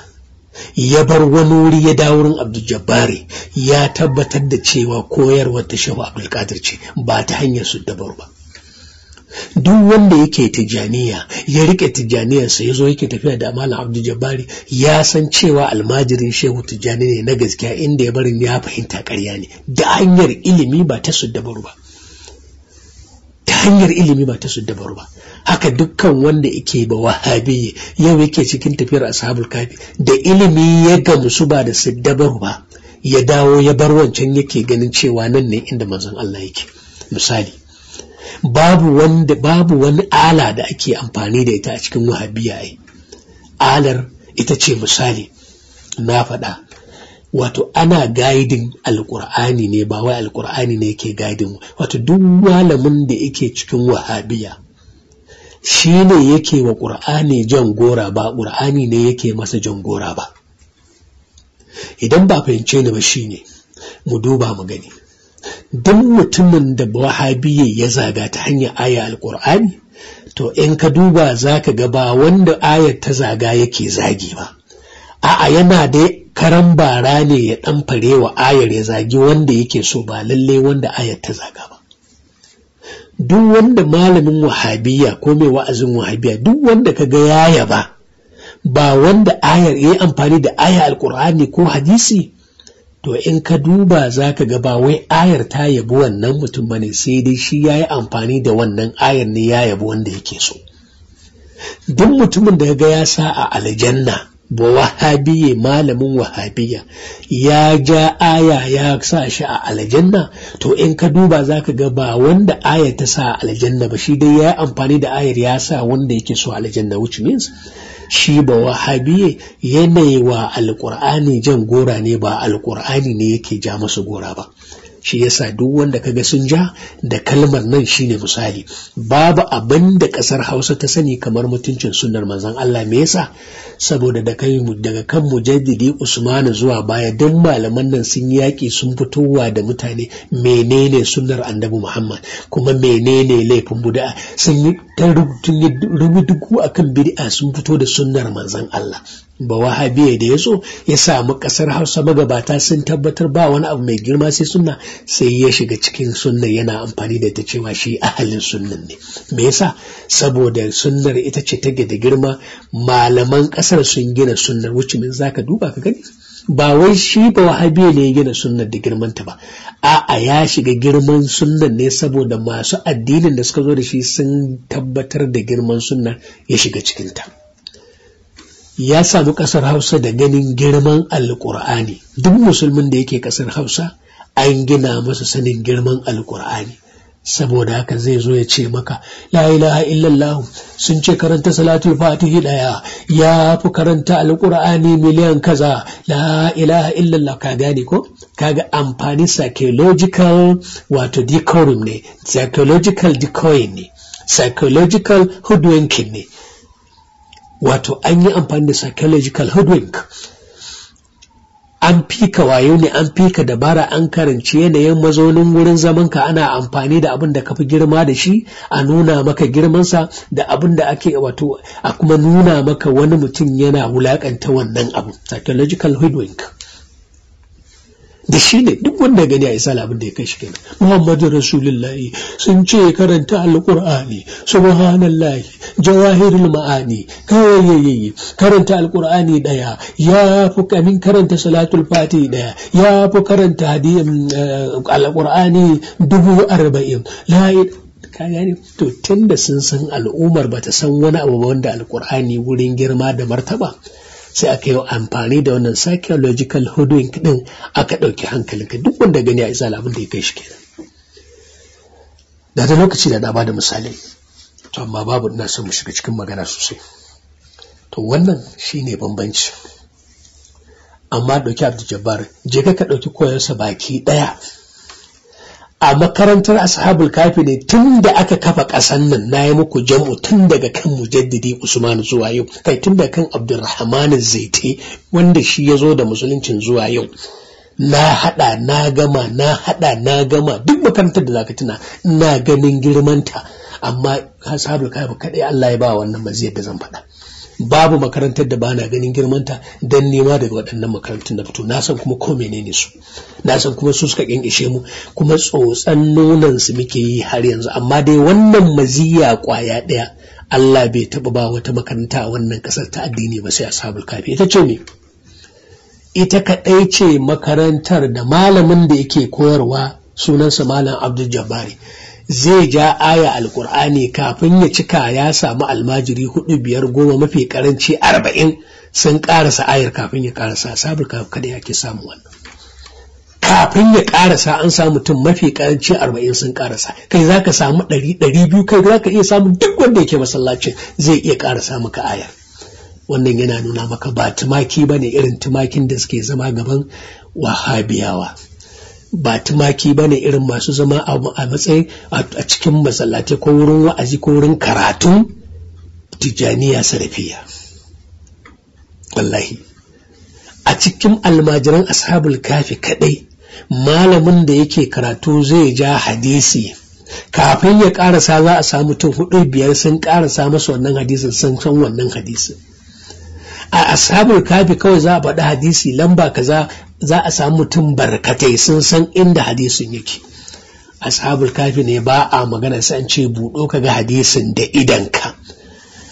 ya bar wani wuri ya dawo wurin abdul ya tabbatar da cewa koyarwar ta shehu abdulkadir ce ba ta hanyar su dabar ba duk wanda yake tijaniya ya rike tijaniyar sa yazo yake tafiya da malam abdul jabbari ya san cewa almajirin shehu tijani ne na gaskiya inda ya barin ya fahimta karya ne da hanyar ilimi ba ta su dabar ba hanyar ilimi ba ta su dabaru ba haka dukkan wanda yake ba wahabi yau yake cikin tafiyar ashabul kafi da ilimi ya su ba da su dabaru ba ya dawo ya bar wancan yake ganin cewa nan ne inda manzon Allah yake misali babu wanda babu wani ala da ake amfani da ita a cikin wahabiya ai alar ita ce misali na faɗa wato ana gaidin alkur'ani ne ba wai alkur'ani ne yake gaidin wato duk malamin da yake cikin wahabiya shi ne yake wa ƙur'ani jan gora ba ƙur'ani ne yake masa jan gora ba idan ba fahimce ni ba shi ne mu duba mu gani duk mutumin da wahabiya ya zaga ta hanyar aya alkur'ani to in ka duba za ka ga ba wanda ayar ta zaga yake zagi ba a'a yana dai karan bara ne ya fare wa ayar ya zagi wanda yake so ba lalle wanda ayar ta zaga ba duk wanda malamin wahabiyya ko mai wa'azin wahabiyya duk wanda ka ga yaya ba ba wanda ayar ya yi amfani da aya alkur'ani ko hadisi to in ka duba za ka ga ba wai ayar ta yabi wannan mutum ba ne sai dai shi ya yi amfani da wannan ayar ne ya yabi wanda yake so duk mutumin da ga ya sa a aljanna ba wahabiye malamin wahabiya ya ja aya ya sa shi a aljanna to in ka duba za ka ga ba wanda aya ta sa aljanna ba shi dai ya yi amfani da ayar ya sa wanda yake so aljanna which means shi ba wahabiye yanayi wa alkur'ani jan gora ne ba Alƙur'ani ne yake ja masu gora ba shi yasa duk wanda kaga sun ja da kalmar nan shine misali babu abin da kasar Hausa ta sani kamar mutuncin sunnar manzon Allah me yasa saboda da kai daga kan mujaddidi Usman zuwa baya dan malaman nan sun yaki sun fitowa da mutane menene sunnar Annabi Muhammad kuma menene laifin bid'a sun yi ta rubutu akan bid'a sun fito da sunnar manzon Allah ba wahabiya da ya zo ya samu kasar hausa magabata sun tabbatar ba wani abu mai girma sai sunna sai ya shiga cikin sunnar yana amfani da ta cewa shi ahalin sunnan ne me yasa saboda sunnar ita ce ta da girma malaman kasar sun gina sunnar wuce min zaka duba ka gani ba wai shi ba wahabiya ne ya gina sunnar da girmanta ba a'a ya shiga girman sunnan ne saboda masu addinin da suka zo da shi sun tabbatar da girman sunnar ya shiga cikin ta ya sami ƙasar Hausa da ganin girman Alƙur'ani. Duk musulmin da yake ƙasar Hausa an gina masa sanin girman Alƙur'ani. Saboda haka zai zo ya ce maka, La ilaha illallah sun ce karanta salatu fatihi ɗaya, ya fi karanta alƙur'ani miliyan kaza, La ilaha illallah ka gane ko? Kaga amfani psychological wato decorum ne, psychological decoying ne, psychological hoodwinking ne. wato an yi amfani da psychological hoodwink an fika wayo ne an fika dabara an karanci yanayin mazaunin wurin zamanka ana amfani da abin da ka fi girma da shi a nuna maka girmansa da abin da ake wato a kuma nuna maka wani mutum yana wulakanta wannan abu psychological hoodwink da shi ne duk wanda gani a isa abin da ya kai shi kenan muhammadu rasulullahi sun ce karanta alqur'ani subhanallahi jawahirul ma'ani kawai karanta Al'ƙur'ani daya ya fi kamin karanta salatul fati daya ya fi karanta hadiyan eh, alqur'ani dubu arba'in ka gane to tunda sun san al'ummar bata san wani abu wanda Al'ƙur'ani wurin girma da martaba sai aka yi amfani da wannan psychological hoodwink din aka ɗauki hankalinka duk wanda gani a isa labin da ya kai shi ke da ta lokaci da na bada misali. to amma babu ina son mu shiga cikin magana sosai to wannan shine bambanci amma ɗauki abdu jabbar je ka ɗauki koyarsa baki ɗaya a makarantar ashabul kafi ne tun da aka kafa ƙasan nan na yi muku jam'u tun daga kan mujaddidi usman zuwa yau kai tun daga kan abdulrahman zaite wanda shi ya zo da musuluncin zuwa yau na hada na gama na hada na gama duk makarantar da zaka tuna ina ganin girmanta amma ashabul kafi kadai Allah ya ba wannan maziyar da zan faɗa babu makarantar da bana ganin girmanta dan nema daga waɗannan makarantun na fito na san kuma ko menene su na san kuma su suka kyankyashe mu kuma tsotsan nonan su muke yi har yanzu amma dai wannan maziya kwaya ɗaya Allah bai taɓa ba wata makaranta a wannan ƙasar ta addini ba sai ashabul kafi ita ce me ita kaɗai ce makarantar da malamin da yake koyarwa sunansa malam Abdul Jabbari zai ja aya alkur'ani kafin ya cika ya samu almajiri hudu biyar goma mafi karanci arba'in sun karasa ayar kafin ya karasa sabir kada yake samu wannan kafin ya karasa an samu mutum mafi karanci arba'in sun karasa kai za ka samu ɗari ɗari biyu kai za ka iya samu duk wanda yake masallacin zai iya karasa maka ayar wannan yana nuna maka ba tumaki ba ne irin tumakin da suke zama gaban wahabiyawa ba tumaki ba ne irin masu zama a matsayin a cikin masallatai ko wurin wa'azi ko wurin karatun tijaniya sarafiya wallahi a cikin almajiran ashabul kafi kadai malamin da yake karatu zai ja hadisi kafin ya karasa za a samu mutum hudu biyar sun karasa masu wannan hadisin sun san wannan hadisin a ashabul kafi kawai za a faɗi hadisi lamba kaza za a samu mutum barkatai sun san inda hadisin yake ashabul kafi ne ba a magana san ce buɗo ka ga hadisin da idanka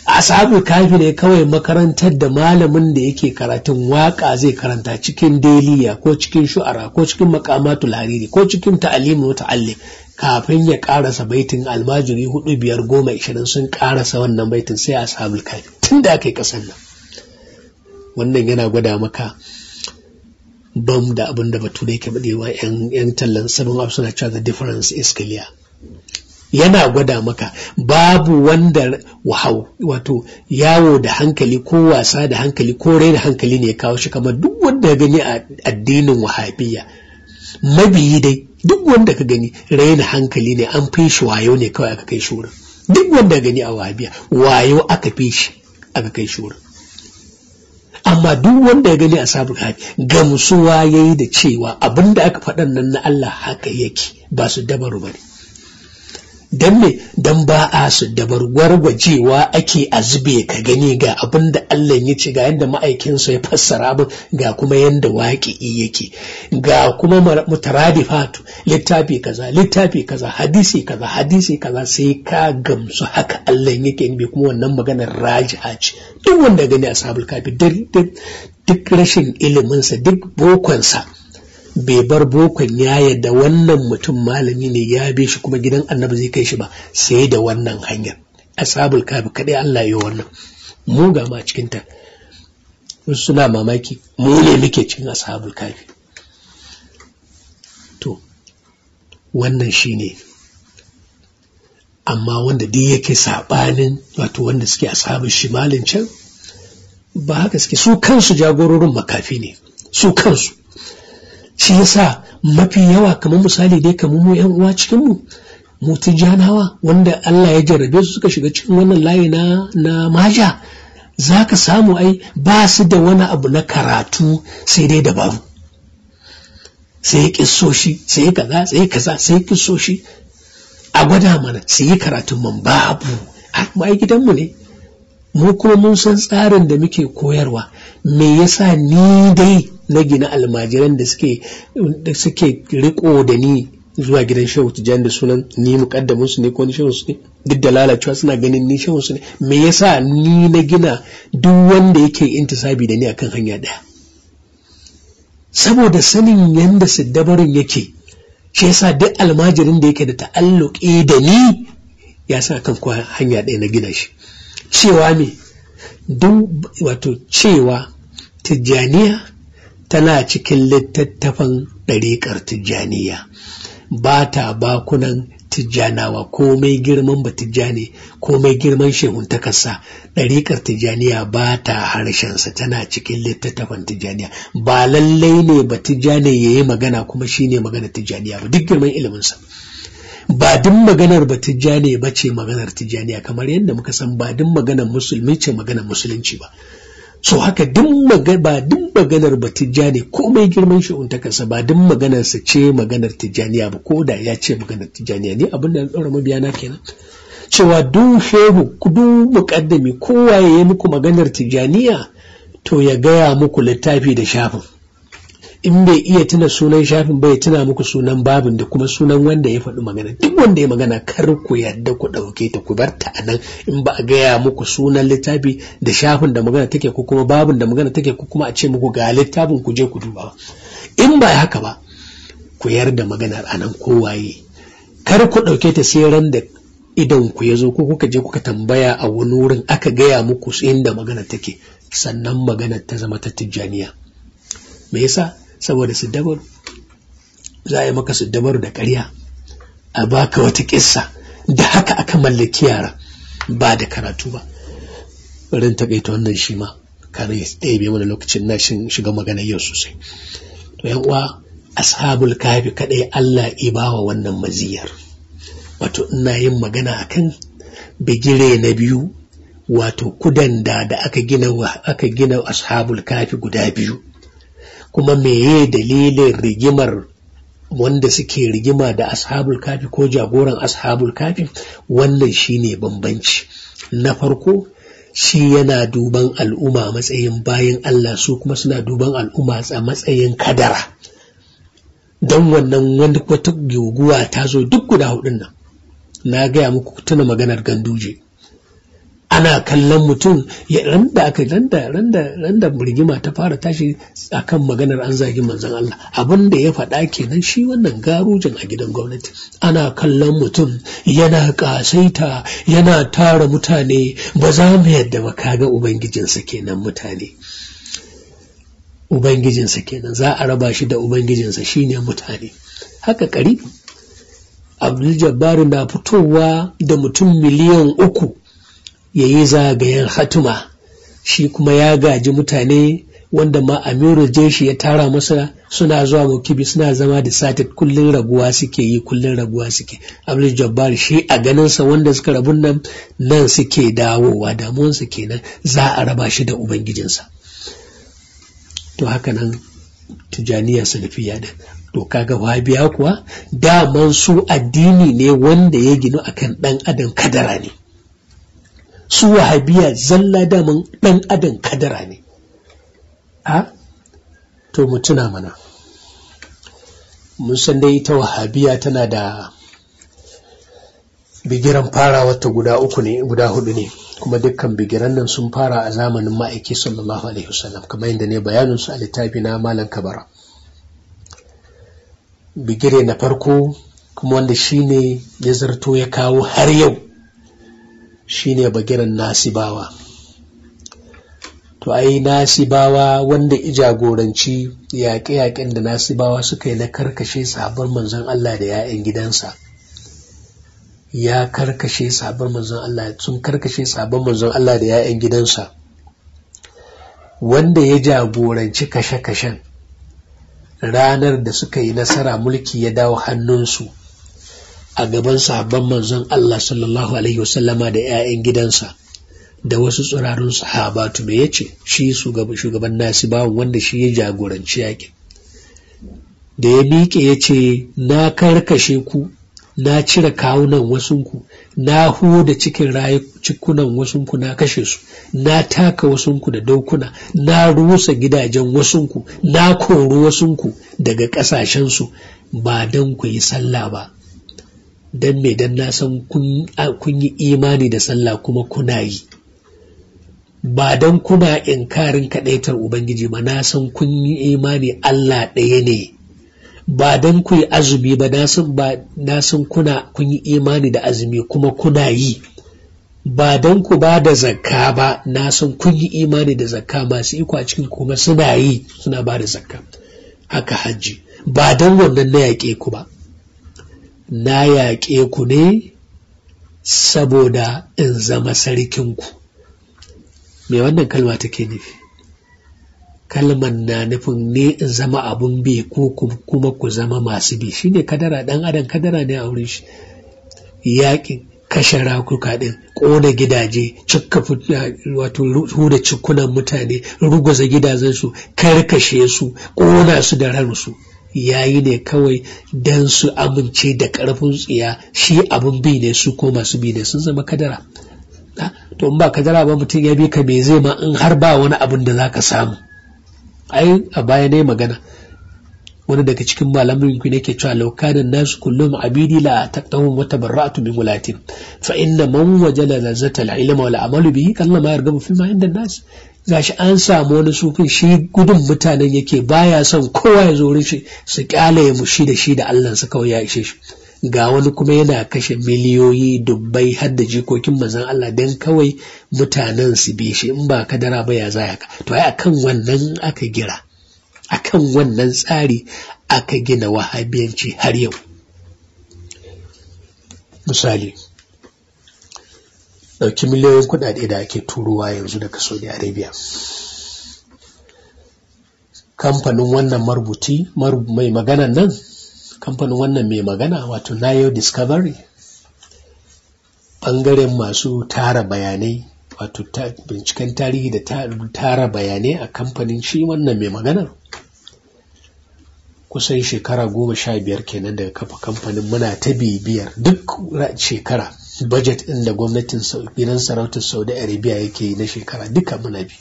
ashabul kafi ne kawai makarantar da malamin da yake karatun waƙa zai karanta cikin deliya ko cikin shu'ara ko cikin makamatul hariri ko cikin ta'alimu alli kafin ya karasa baitin almajiri hudu biyar goma ishirin sun karasa wannan baitin sai ashabul kafi tun da aka yi ƙasar nan wannan yana gwada maka bam da abin da bature ke badewa yan yan tallan sabon abu suna cewa the difference is clear yana gwada maka babu wanda wato yawo da hankali ko wasa da hankali ko rai da hankali ne kawo shi kamar duk wanda gani a addinin wahabiyya mabiyi dai duk wanda ka gani raina hankali ne an fi shi wayo ne kawai aka kai shi duk wanda gani a wahabiya wayo aka fi shi aka kai shi wurin amma duk wanda ya gani a kafi gamsuwa yayi da cewa da aka faɗan nan na Allah haka yake ba su dabaru bane don me don ba a su dabar gwargwajewa ake a zube ka gani ga abin da Allah ya ce ga yadda ma'aikinsa ya fassara abin ga kuma yadda waƙi'i yake ga kuma mutaradifatu littafi kaza littafi kaza hadisi kaza hadisi kaza sai ka gamsu haka Allah yake bi kuma wannan maganar raji'a ce duk wanda gani asabul kafi duk rashin iliminsa duk bokonsa bai bar bokon ya yadda wannan mutum malami ne ya bi shi kuma gidan annabi zai kai shi ba sai da wannan hanyar asabul kafi kaɗai Allah ya wannan mu ga ma cikin ta suna mamaki mu ne muke cikin asabul kafi to wannan shine amma wanda duk yake saɓanin wato wanda suke asabul shimalin can ba haka suke su kansu jagororin makafi ne su kansu shi yasa mafi yawa kamar misali dai kamar mu yan uwa cikin mu mu tijanawa wanda Allah ya jarrabe su suka shiga cikin wannan layi na na maja zaka samu ai ba su da wani abu na karatu sai dai babu, sai shi sai kaza sai kaza sai shi a gwada mana sai yi karatu man babu ai gidanmu ne mu kuma mun san tsarin da muke koyarwa me yasa ni dai na gina almajiran da suke riko da ni zuwa gidan shehu tijjani da sunan ni mukaddamin su ne ko ni shehu su ne duk da lalacewa suna ganin ni shehu su ne me yasa ni na gina duk wanda yake intisabi da ni akan hanya daya saboda sanin yanda siddabarin yake shi yasa duk almajirin da yake da ta'alluƙi da ni ya sa kan kwa hanya ɗaya na gina shi cewa me duk wato cewa tijjaniya tana cikin littattafan ɗariƙar tijjaniya ba ta bakunan tijjanawa komai girman ba tijjani mai girman shehun takasa. ɗariƙar tijjaniya ba ta harshensa tana cikin littattafan tijjaniya ba lallai ne ba tijjani ya yi magana kuma shi ne magana tijjaniya ba duk girman iliminsa ba duk maganar ba tijjani ba ce maganar tijjaniya kamar yadda muka san ba duk maganar musulmi ce maganar musulunci ba so haka ba duk maganar ba tijjani komai girman shi ta ba duk maganar sa ce maganar tijjaniya ba ko da ya ce maganar tijjaniya ne abin da ɗora mabiya na kenan cewa duk shehu duk muƙaddami kowa ya yi muku maganar tijjaniya to ya gaya muku littafi da shafin in bai iya tuna sunan shafin bai tuna muku sunan babin da kuma sunan wanda ya faɗi magana duk wanda ya magana kar ku yarda ku ɗauke ta ku bar ta a nan in ba a gaya muku sunan littafi da shafin da magana take ko kuma babin da magana take ko kuma a ce muku ga littafin ku je ku duba in ba haka ba ku yarda maganar a nan waye kar ku ɗauke ta sai ran da idan ku ya zo ko kuka je kuka tambaya a wani wurin aka gaya muku inda magana take sannan magana ta zama ta tijjaniya me yasa saboda su dabaru za a yi maka su dabaru da ƙarya a baka wata ƙissa da haka aka mallaki yara ba da karatu ba barin taƙaita wannan shi ma kare ya bai mana lokacin na shiga magana yau sosai to yan uwa ashabul kafi kaɗai Allah bawa wannan maziyar wato ina yin magana akan bigire na biyu wato kudan da aka gina aka gina ashabul kafi guda biyu kuma meye dalilin rigimar wanda suke rigima da ashabul kafi ko jagoran ashabul kafi wannan shine bambanci na farko shi yana duban al'umma matsayin bayan Allah su kuma suna duban al'umma a matsayin kadara don wannan wani wata guguwa ta zo duk guda hudun nan na gaya muku tuna maganar ganduje ana kallon mutum ya randa aka randa randa randa ta fara tashi akan maganar an zagi manzon Allah abin da ya faɗa kenan shi wannan garujin a gidan gwamnati ana kallon mutum yana kasaita yana tara mutane ba za mu yadda ba kaga ubangijinsa kenan mutane ubangijinsa kenan za a raba shi da ubangijinsa shine mutane haka kari abdul jabbar na fitowa da mutum miliyan uku ya yi zagayen hatuma shi kuma ya gaji mutane wanda ma amiru jeshi ya tara masa suna zuwa mukibi suna zama da sati kullun raguwa suke yi kullun raguwa suke abdul jabbar shi a ganinsa wanda suka rabun nan nan suke dawowa damuwansa kenan za a raba shi da ubangijinsa to haka nan tijaniya salafiya da to kaga wahabiya kuwa daman su addini ne wanda ya ginu akan dan adam kadara ne su wahabiya zalla daman ɗan adam kadara ne a to mutuna mana mun san dai ta wahabiya tana da bigiran fara wata guda uku ne guda hudu ne kuma dukkan bigiran nan sun fara a zamanin ma'aiki sallallahu alaihi wasallam kamar yadda ne bayanin su a littafi na malam kabara bigire na farko kuma wanda shine ya zarto ya kawo har yau shine bagiran nasibawa to ai nasibawa wanda ijagoranci yaƙe-yaƙen da nasibawa suka yi na karkashe sabon manzon Allah da ‘ya'yan gidansa ya karkashe sabon manzon Allah sun karkashe sabon manzon Allah da ‘ya'yan gidansa wanda ya jagoranci kashe-kashen ranar da suka yi nasara mulki ya dawo hannunsu a gaban sahabban manzon Allah sallallahu alaihi wasallama da 'ya'yan gidansa da wasu tsirarun to me yace shi shugaban nasi nasibawan wanda shi ya jagoranci yakin da ya miƙe ya ce na karkashe ku na cire kawunan wasunku na hoda cikin cikunan wasunku na kashe su na taka wasunku da daukuna na rusa gidajen wasunku na kori wasunku daga su, ba don ku yi sallah ba dan me dan na san kun yi imani da sallah kuma kuna yi ba dan kuna inkarin kadaitar ubangiji ba na san kun yi imani Allah ɗaya ne ba dan ku yi azumi ba na san kuna kun yi imani da azumi kuma kuna yi ba don ku ba da zakka ba na san kun yi imani da zakka masu iko a cikin kuma suna yi suna ba da zakka haka hajji ba dan wannan na yaƙe ku ba na yaƙe ku ne saboda in zama sarkinku me wannan kalma take nufi kalman na nufin ne in zama abun bi ko kuma ku zama masu bi ne kadara ɗan adam kadara ne a wurin shi yaƙin kashe rakuka ɗin ƙona gidaje cikka wato huda cikunan mutane ruguza gidajensu karkashe su ƙona su da ransu ya yi ne kawai don su amince da ƙarfin tsiya shi abin bi ne su ko masu bi ne sun zama kadara to in ba kadara ba mutum ya bi ka me zai ma in har ba wani abin da za ka samu ai a baya ne magana wani daga cikin malamin ku ne ke cewa laukanin nasu kullum abidi la wata wa tabarra'tu bi wulatin fa inna man wajala lazzata al-ilma wal amalu bi kallama yarghabu fi ma inda nas gashi an samu wani sufin shi gudun mutanen yake baya son kowa ya zo shi su kyale mu shi da shi da Allah su kawai ya ishe shi ga wani kuma yana kashe miliyoyi dubbai har da jikokin mazan Allah dan kawai mutanen su bi shi in ba kadara ba ya zaya ka to ai akan wannan aka gira akan wannan tsari aka gina wahabiyanci har yau misali ɗauki miliyoyin kuɗaɗe da ake turuwa yanzu daga saudi arabia kamfanin wannan marubuci mai magana nan kamfanin wannan mai magana wato nayo discovery ɓangaren masu tara bayanai wato binciken tarihi da tara bayanai a kamfanin shi wannan mai magana kusan shekara goma sha biyar kenan daga kafa kamfanin muna ta bibiyar duk shekara budget ɗin da gwamnatin gidan sarautar saudi arabia yake yi na shekara duka muna bi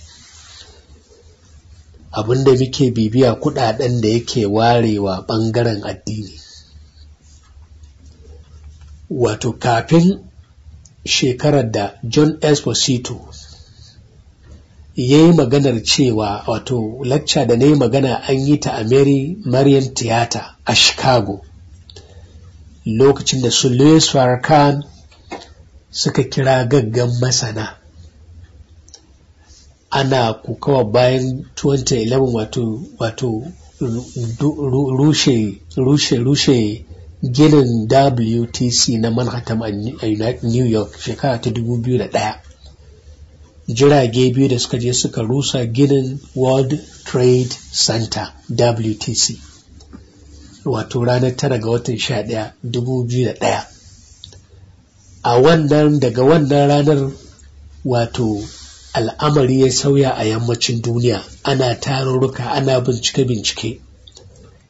abinda muke bibiya kudaden da yake warewa bangaren addini wato kafin shekarar da john esposito ya yi maganar cewa wato lacca da na yi magana an yi ta a mary marian theater a chicago lokacin da su louis farrakhan suka kira gaggan masana ana kokawa bayan 2011 wato wato rushe rushe rushe ginin wtc na manhattan a new york shekara ta 2001 jirage biyu da suka je suka rusa ginin world trade center wtc wato ranar 9 ga watan 11 2001 a wannan daga wannan ranar wato al'amari ya sauya a yammacin duniya ana tarurruka ana bincike-bincike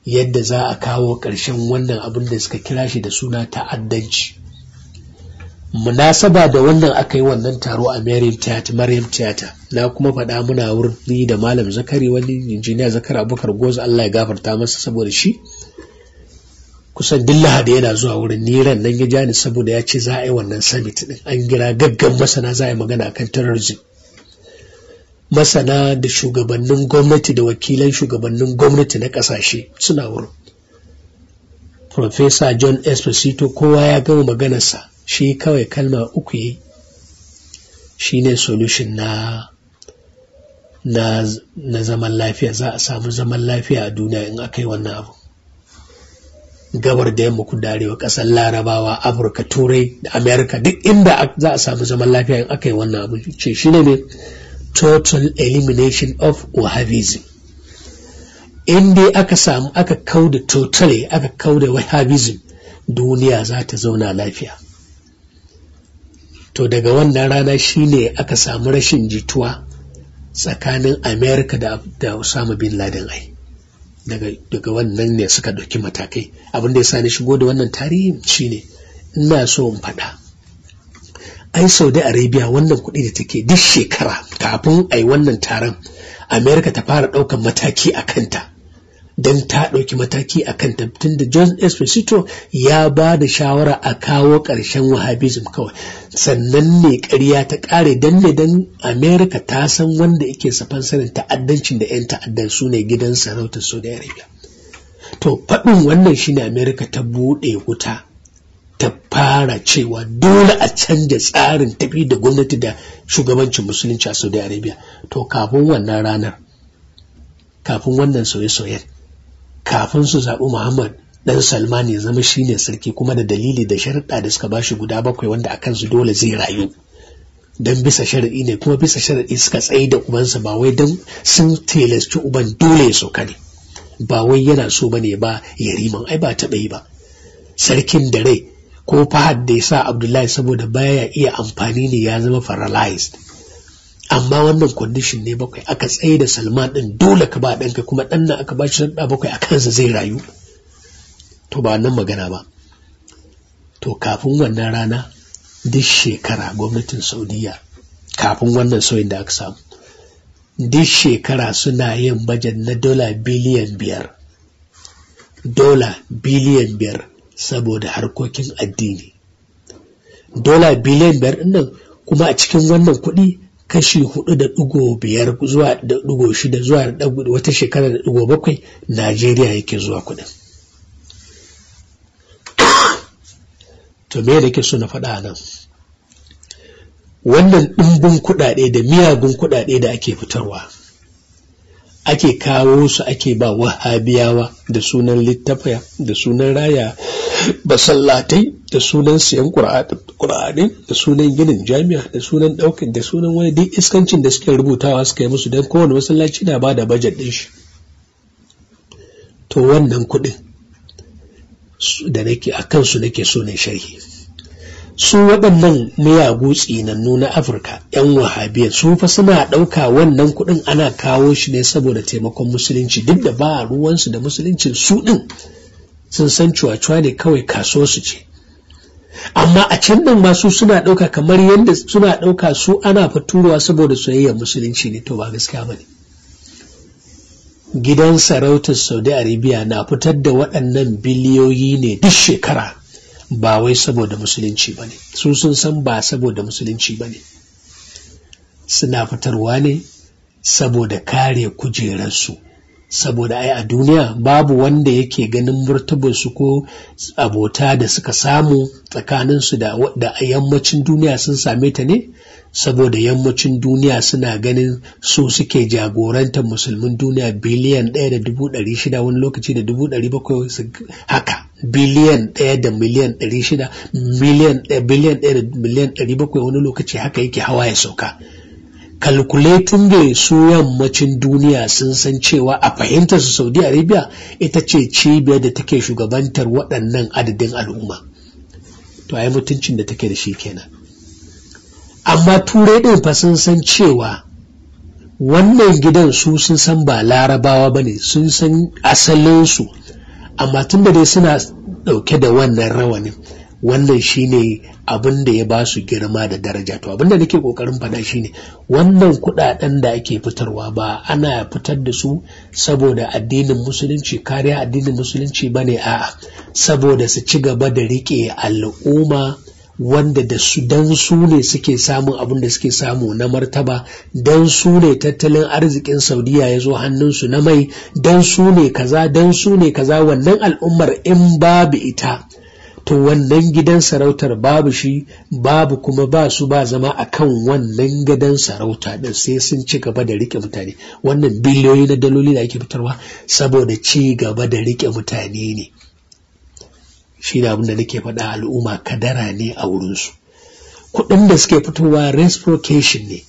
yadda za a kawo ƙarshen wannan abin da suka kira shi da suna ta'addanci munasaba da wannan aka yi wannan taro a maryam theater na kuma faɗa muna wurin ni da malam zakari wani injiniya zakar abubakar goza allah ya gafarta masa saboda shi kusan duk lahadi yana zuwa wurin niran nan ya ja ni saboda ya ce za a yi wannan summit din an gira gaggan masana za a yi magana kan terrorism masana da shugabannin gwamnati da wakilan shugabannin gwamnati na kasashe suna wurin Profesa John Esposito kowa ya gama maganarsa shi kawai kalma uku yi shi ne solution na na zaman lafiya za a samu zaman lafiya a duniya in aka yi wannan abu gabar da yamma kudu wa kasar larabawa afirka turai da amerika duk inda za a samu zaman lafiya in aka yi wannan abu ce shi ne total elimination of wahhabism in dai aka samu aka da totally aka da wahhabism duniya za ta zauna lafiya to daga wannan rana shine aka samu rashin jituwa tsakanin amerika da, osama bin laden ai daga wannan ne suka ɗauki matakai abin da ya sa ni shigo da wannan tarihin shine ina so in faɗa ai saudi arabia wannan kuɗi da take duk shekara kafin a wannan taron america ta fara ɗaukar mataki a kanta don ta ɗauki mataki a kan tabbatun da John Esposito ya ba da shawara a kawo ƙarshen wahabism kawai sannan ne ƙarya ta ƙare don ne don Amerika ta san wanda yake sanin ta'addancin da 'yan ta'addan su ne gidan sarautar Saudi Arabia. To faɗin wannan shine Amerika ta buɗe wuta ta fara cewa dole a canja tsarin tafi da gwamnati da shugabancin musulunci a Saudi Arabia. To kafin wannan ranar, kafin wannan sauye-sauyen kafin su zaɓi Muhammad ɗan Salman ya zama shine sarki kuma da dalili da sharaɗa da suka bashi guda bakwai wanda akan su dole zai rayu dan bisa sharaɗi ne kuma bisa sharaɗi suka tsaye da ubansa ba wai dan sun tilasci uban dole ya sauka ne ba wai yana so bane ba yariman ai ba taɓa yi ba sarkin da rai ko fahad da ya sa Abdullahi saboda baya iya amfani ne ya zama paralyzed amma wannan condition ne bakwai aka tsaye da salman ɗin dole ka ba ɗanka kuma ɗan nan aka ba shi ɗan bakwai a kansa zai rayu to ba wannan magana ba to kafin wannan rana duk shekara gwamnatin saudiya kafin wannan sauyin da aka samu duk shekara suna yin bajan na dola biliyan biyar dola biliyan biyar saboda harkokin addini dola biliyan biyar nan kuma a cikin wannan kuɗi kashi hudu da dugo biyar zuwa da dugo shida zuwa da wata shekara da dugo bakwai najeriya yake zuwa kudin to me da ke so na faɗa nan wannan ɗimbin kuɗaɗe da miyagun kuɗaɗe da ake fitarwa ake kawo su ake ba wahabiyawa da sunan littafiya da sunan raya basallatai da sunan siyan kur'anin da sunan ginin jami'a da sunan ɗaukin da sunan wani duk iskancin da suke rubutawa suka yi musu don kowane masallaci na ba da bajet ɗin shi to wannan kuɗin da nake a kansu nake sunan sharhi su waɗannan miya gutsi na nuna afirka 'yan wahabiyar su fa suna ɗauka wannan kuɗin ana kawo shi ne saboda taimakon musulunci duk da ba ruwansu da musulunci su ɗin sun san cuwa ne kawai kasuwar su ce amma a can din ma suna ɗauka kamar yadda suna ɗauka su ana faturowa saboda soyayyar musulunci ne to ba gaskiya ba ne gidan sarautar saudi arabia na fitar da waɗannan biliyoyi ne duk shekara ba wai saboda musulunci ba ne su sun san ba saboda musulunci ba ne suna fitarwa ne saboda kare kujerarsu saboda ai a duniya babu wanda yake ganin martabarsu ko abota da suka samu tsakaninsu da, da yammacin duniya sun same ta ne saboda yammacin duniya suna ganin su suke jagorantar musulmin duniya biliyan ɗaya da dubu ɗari shida wani lokaci da dubu ɗari bakwai haka biliyan ɗaya da miliyan ɗari shida miliyan biliyan ɗaya da miliyan ɗari bakwai wani lokaci haka yake hawa ya sauka kalkuletun da su yammacin duniya sun san cewa a fahimtar su saudi arabia ita ce cibiyar da take shugabantar waɗannan adadin al'umma to a yi mutuncin da take da shi kenan amma turai ɗin fa sun san cewa wannan gidan su sun san ba larabawa ba ne sun san asalinsu amma tun da dai suna ɗauke da wannan rawanin wannan shine abin da ya ba su girma da daraja to abin da nake kokarin faɗa shine wannan kuɗaɗen da ake fitarwa ba ana fitar da su saboda addinin musulunci kariya addinin musulunci bane a saboda su ci gaba da riƙe al'umma wanda da su dan su ne suke samun abin da suke samu na martaba dan su ne tattalin arzikin saudiya ya zo hannunsu na mai dan su ne kaza dan su ne kaza wannan al'ummar in babu ita to wannan gidan sarautar babu shi babu kuma ba su ba zama a kan wannan gidan sarauta ɗin sai sun ci gaba da riƙe mutane wannan biliyoyi na daloli da ake fitarwa saboda ci gaba da riƙe mutane ne shi da abinda nake faɗa al'umma kadara ne a wurinsu kuɗin da suke fitowa reciprocation ne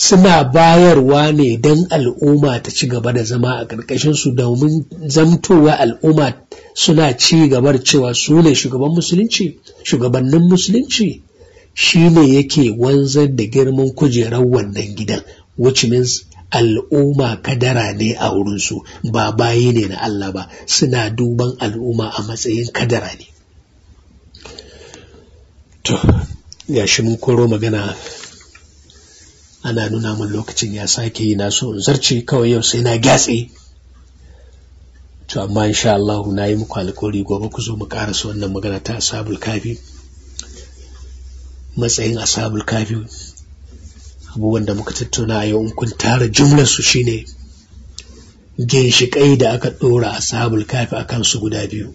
suna bayarwa ne don al'umma ta ci gaba da zama a ƙarƙashinsu domin zamtowa al'umma suna ci gabar cewa su ne shugaban musulunci shugabannin musulunci shi ne yake wanzar da girman kujerar wannan gidan which means al'umma kadara ne a wurinsu ba bayi ne na Allah ba suna duban al'umma a matsayin kadara ne to ya shi mun koro magana ana nuna min lokacin ya sake yi na so in zarce kawai yau sai na gyatse to amma insha Allah na yi muku alƙawari gobe ku zo mu karasa wannan magana ta asabul kafi matsayin asabul kafi abubuwan da muka tattauna a yau kun tara jumlar su shine ginshiƙai da aka ɗora asabul kafi akan su guda biyu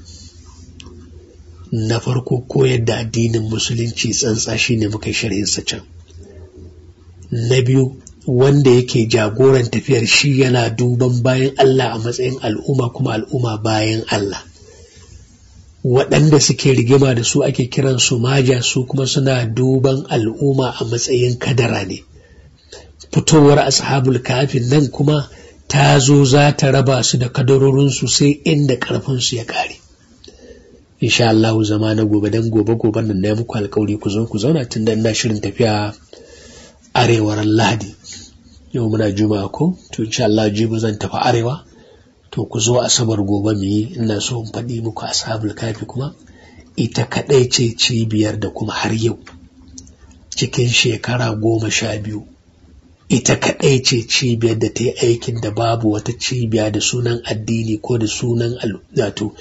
na farko koyar da addinin musulunci tsantsa shine muka sharhin sa can na biyu wanda yake jagoran tafiyar shi yana duban bayan Allah a matsayin al'umma kuma al'umma bayan Allah waɗanda suke rigima da su ake kiran su maja su kuma suna duban al'umma a matsayin kadara ne fitowar ashabul kafin nan kuma ta zo za ta raba su da kadarorinsu sai inda ƙarfinsu ya ƙare insha Allah zama na gobe dan gobe goben nan na muku alƙawari ku zo ku zauna tun da ina shirin tafiya arewar lahadi yau muna juma'a ko to insha Allah jibi zan tafi arewa to ku zo asabar gobe mu yi ina so in faɗi muku ashabul kafi kuma ita kaɗai ce cibiyar da kuma har yau cikin shekara goma sha biyu ita kaɗai ce cibiyar da ta yi aikin da babu wata cibiya da sunan addini ko da sunan wato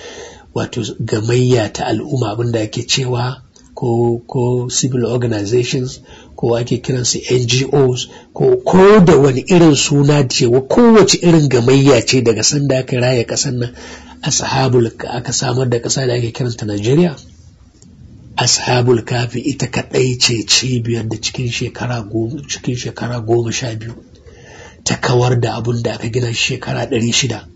wato gamayya ta al'umma abinda ake cewa ko ko civil organizations ko ake kiransu ngos ko ko da wani irin suna cewa kowace irin gamayya ce daga sanda aka raya kasan nan ashabul aka samar da kasa da ake kiranta Najeriya ashabul kafi ita kadai ce cibiyar da cikin shekara goma cikin shekara goma sha biyu ta kawar da abun da aka gina shekara ɗari shida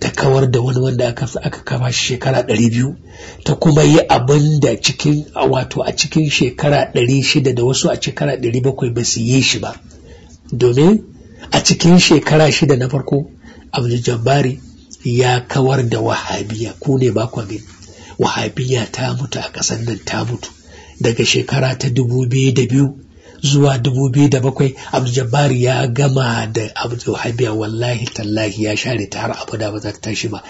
ta kawar da wani wanda aka aka kama shi shekara ɗari biyu ta kuma yi abin da cikin wato a cikin shekara ɗari shida da wasu a shekara ɗari bakwai ba su yi shi ba domin a cikin shekara shida na farko abu jambari ya kawar da wahabiya ku ne ba wahabiya ta mutu a ƙasar nan ta mutu daga shekara ta dubu biyu da biyu zuwa 2007 abdul jabbar ya gama da abdul habiya wallahi tallahi ya share ta har abu ba za ta tashi ba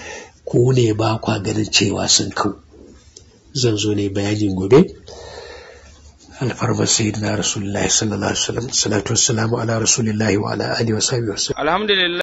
ko ne ba kwa ganin cewa sun kau zan zo ne bayanin gobe alfarmar sayyidina rasulullahi sallallahu alaihi wasallam salatu wassalamu ala rasulillahi wa ala alihi wa sahbihi alhamdulillah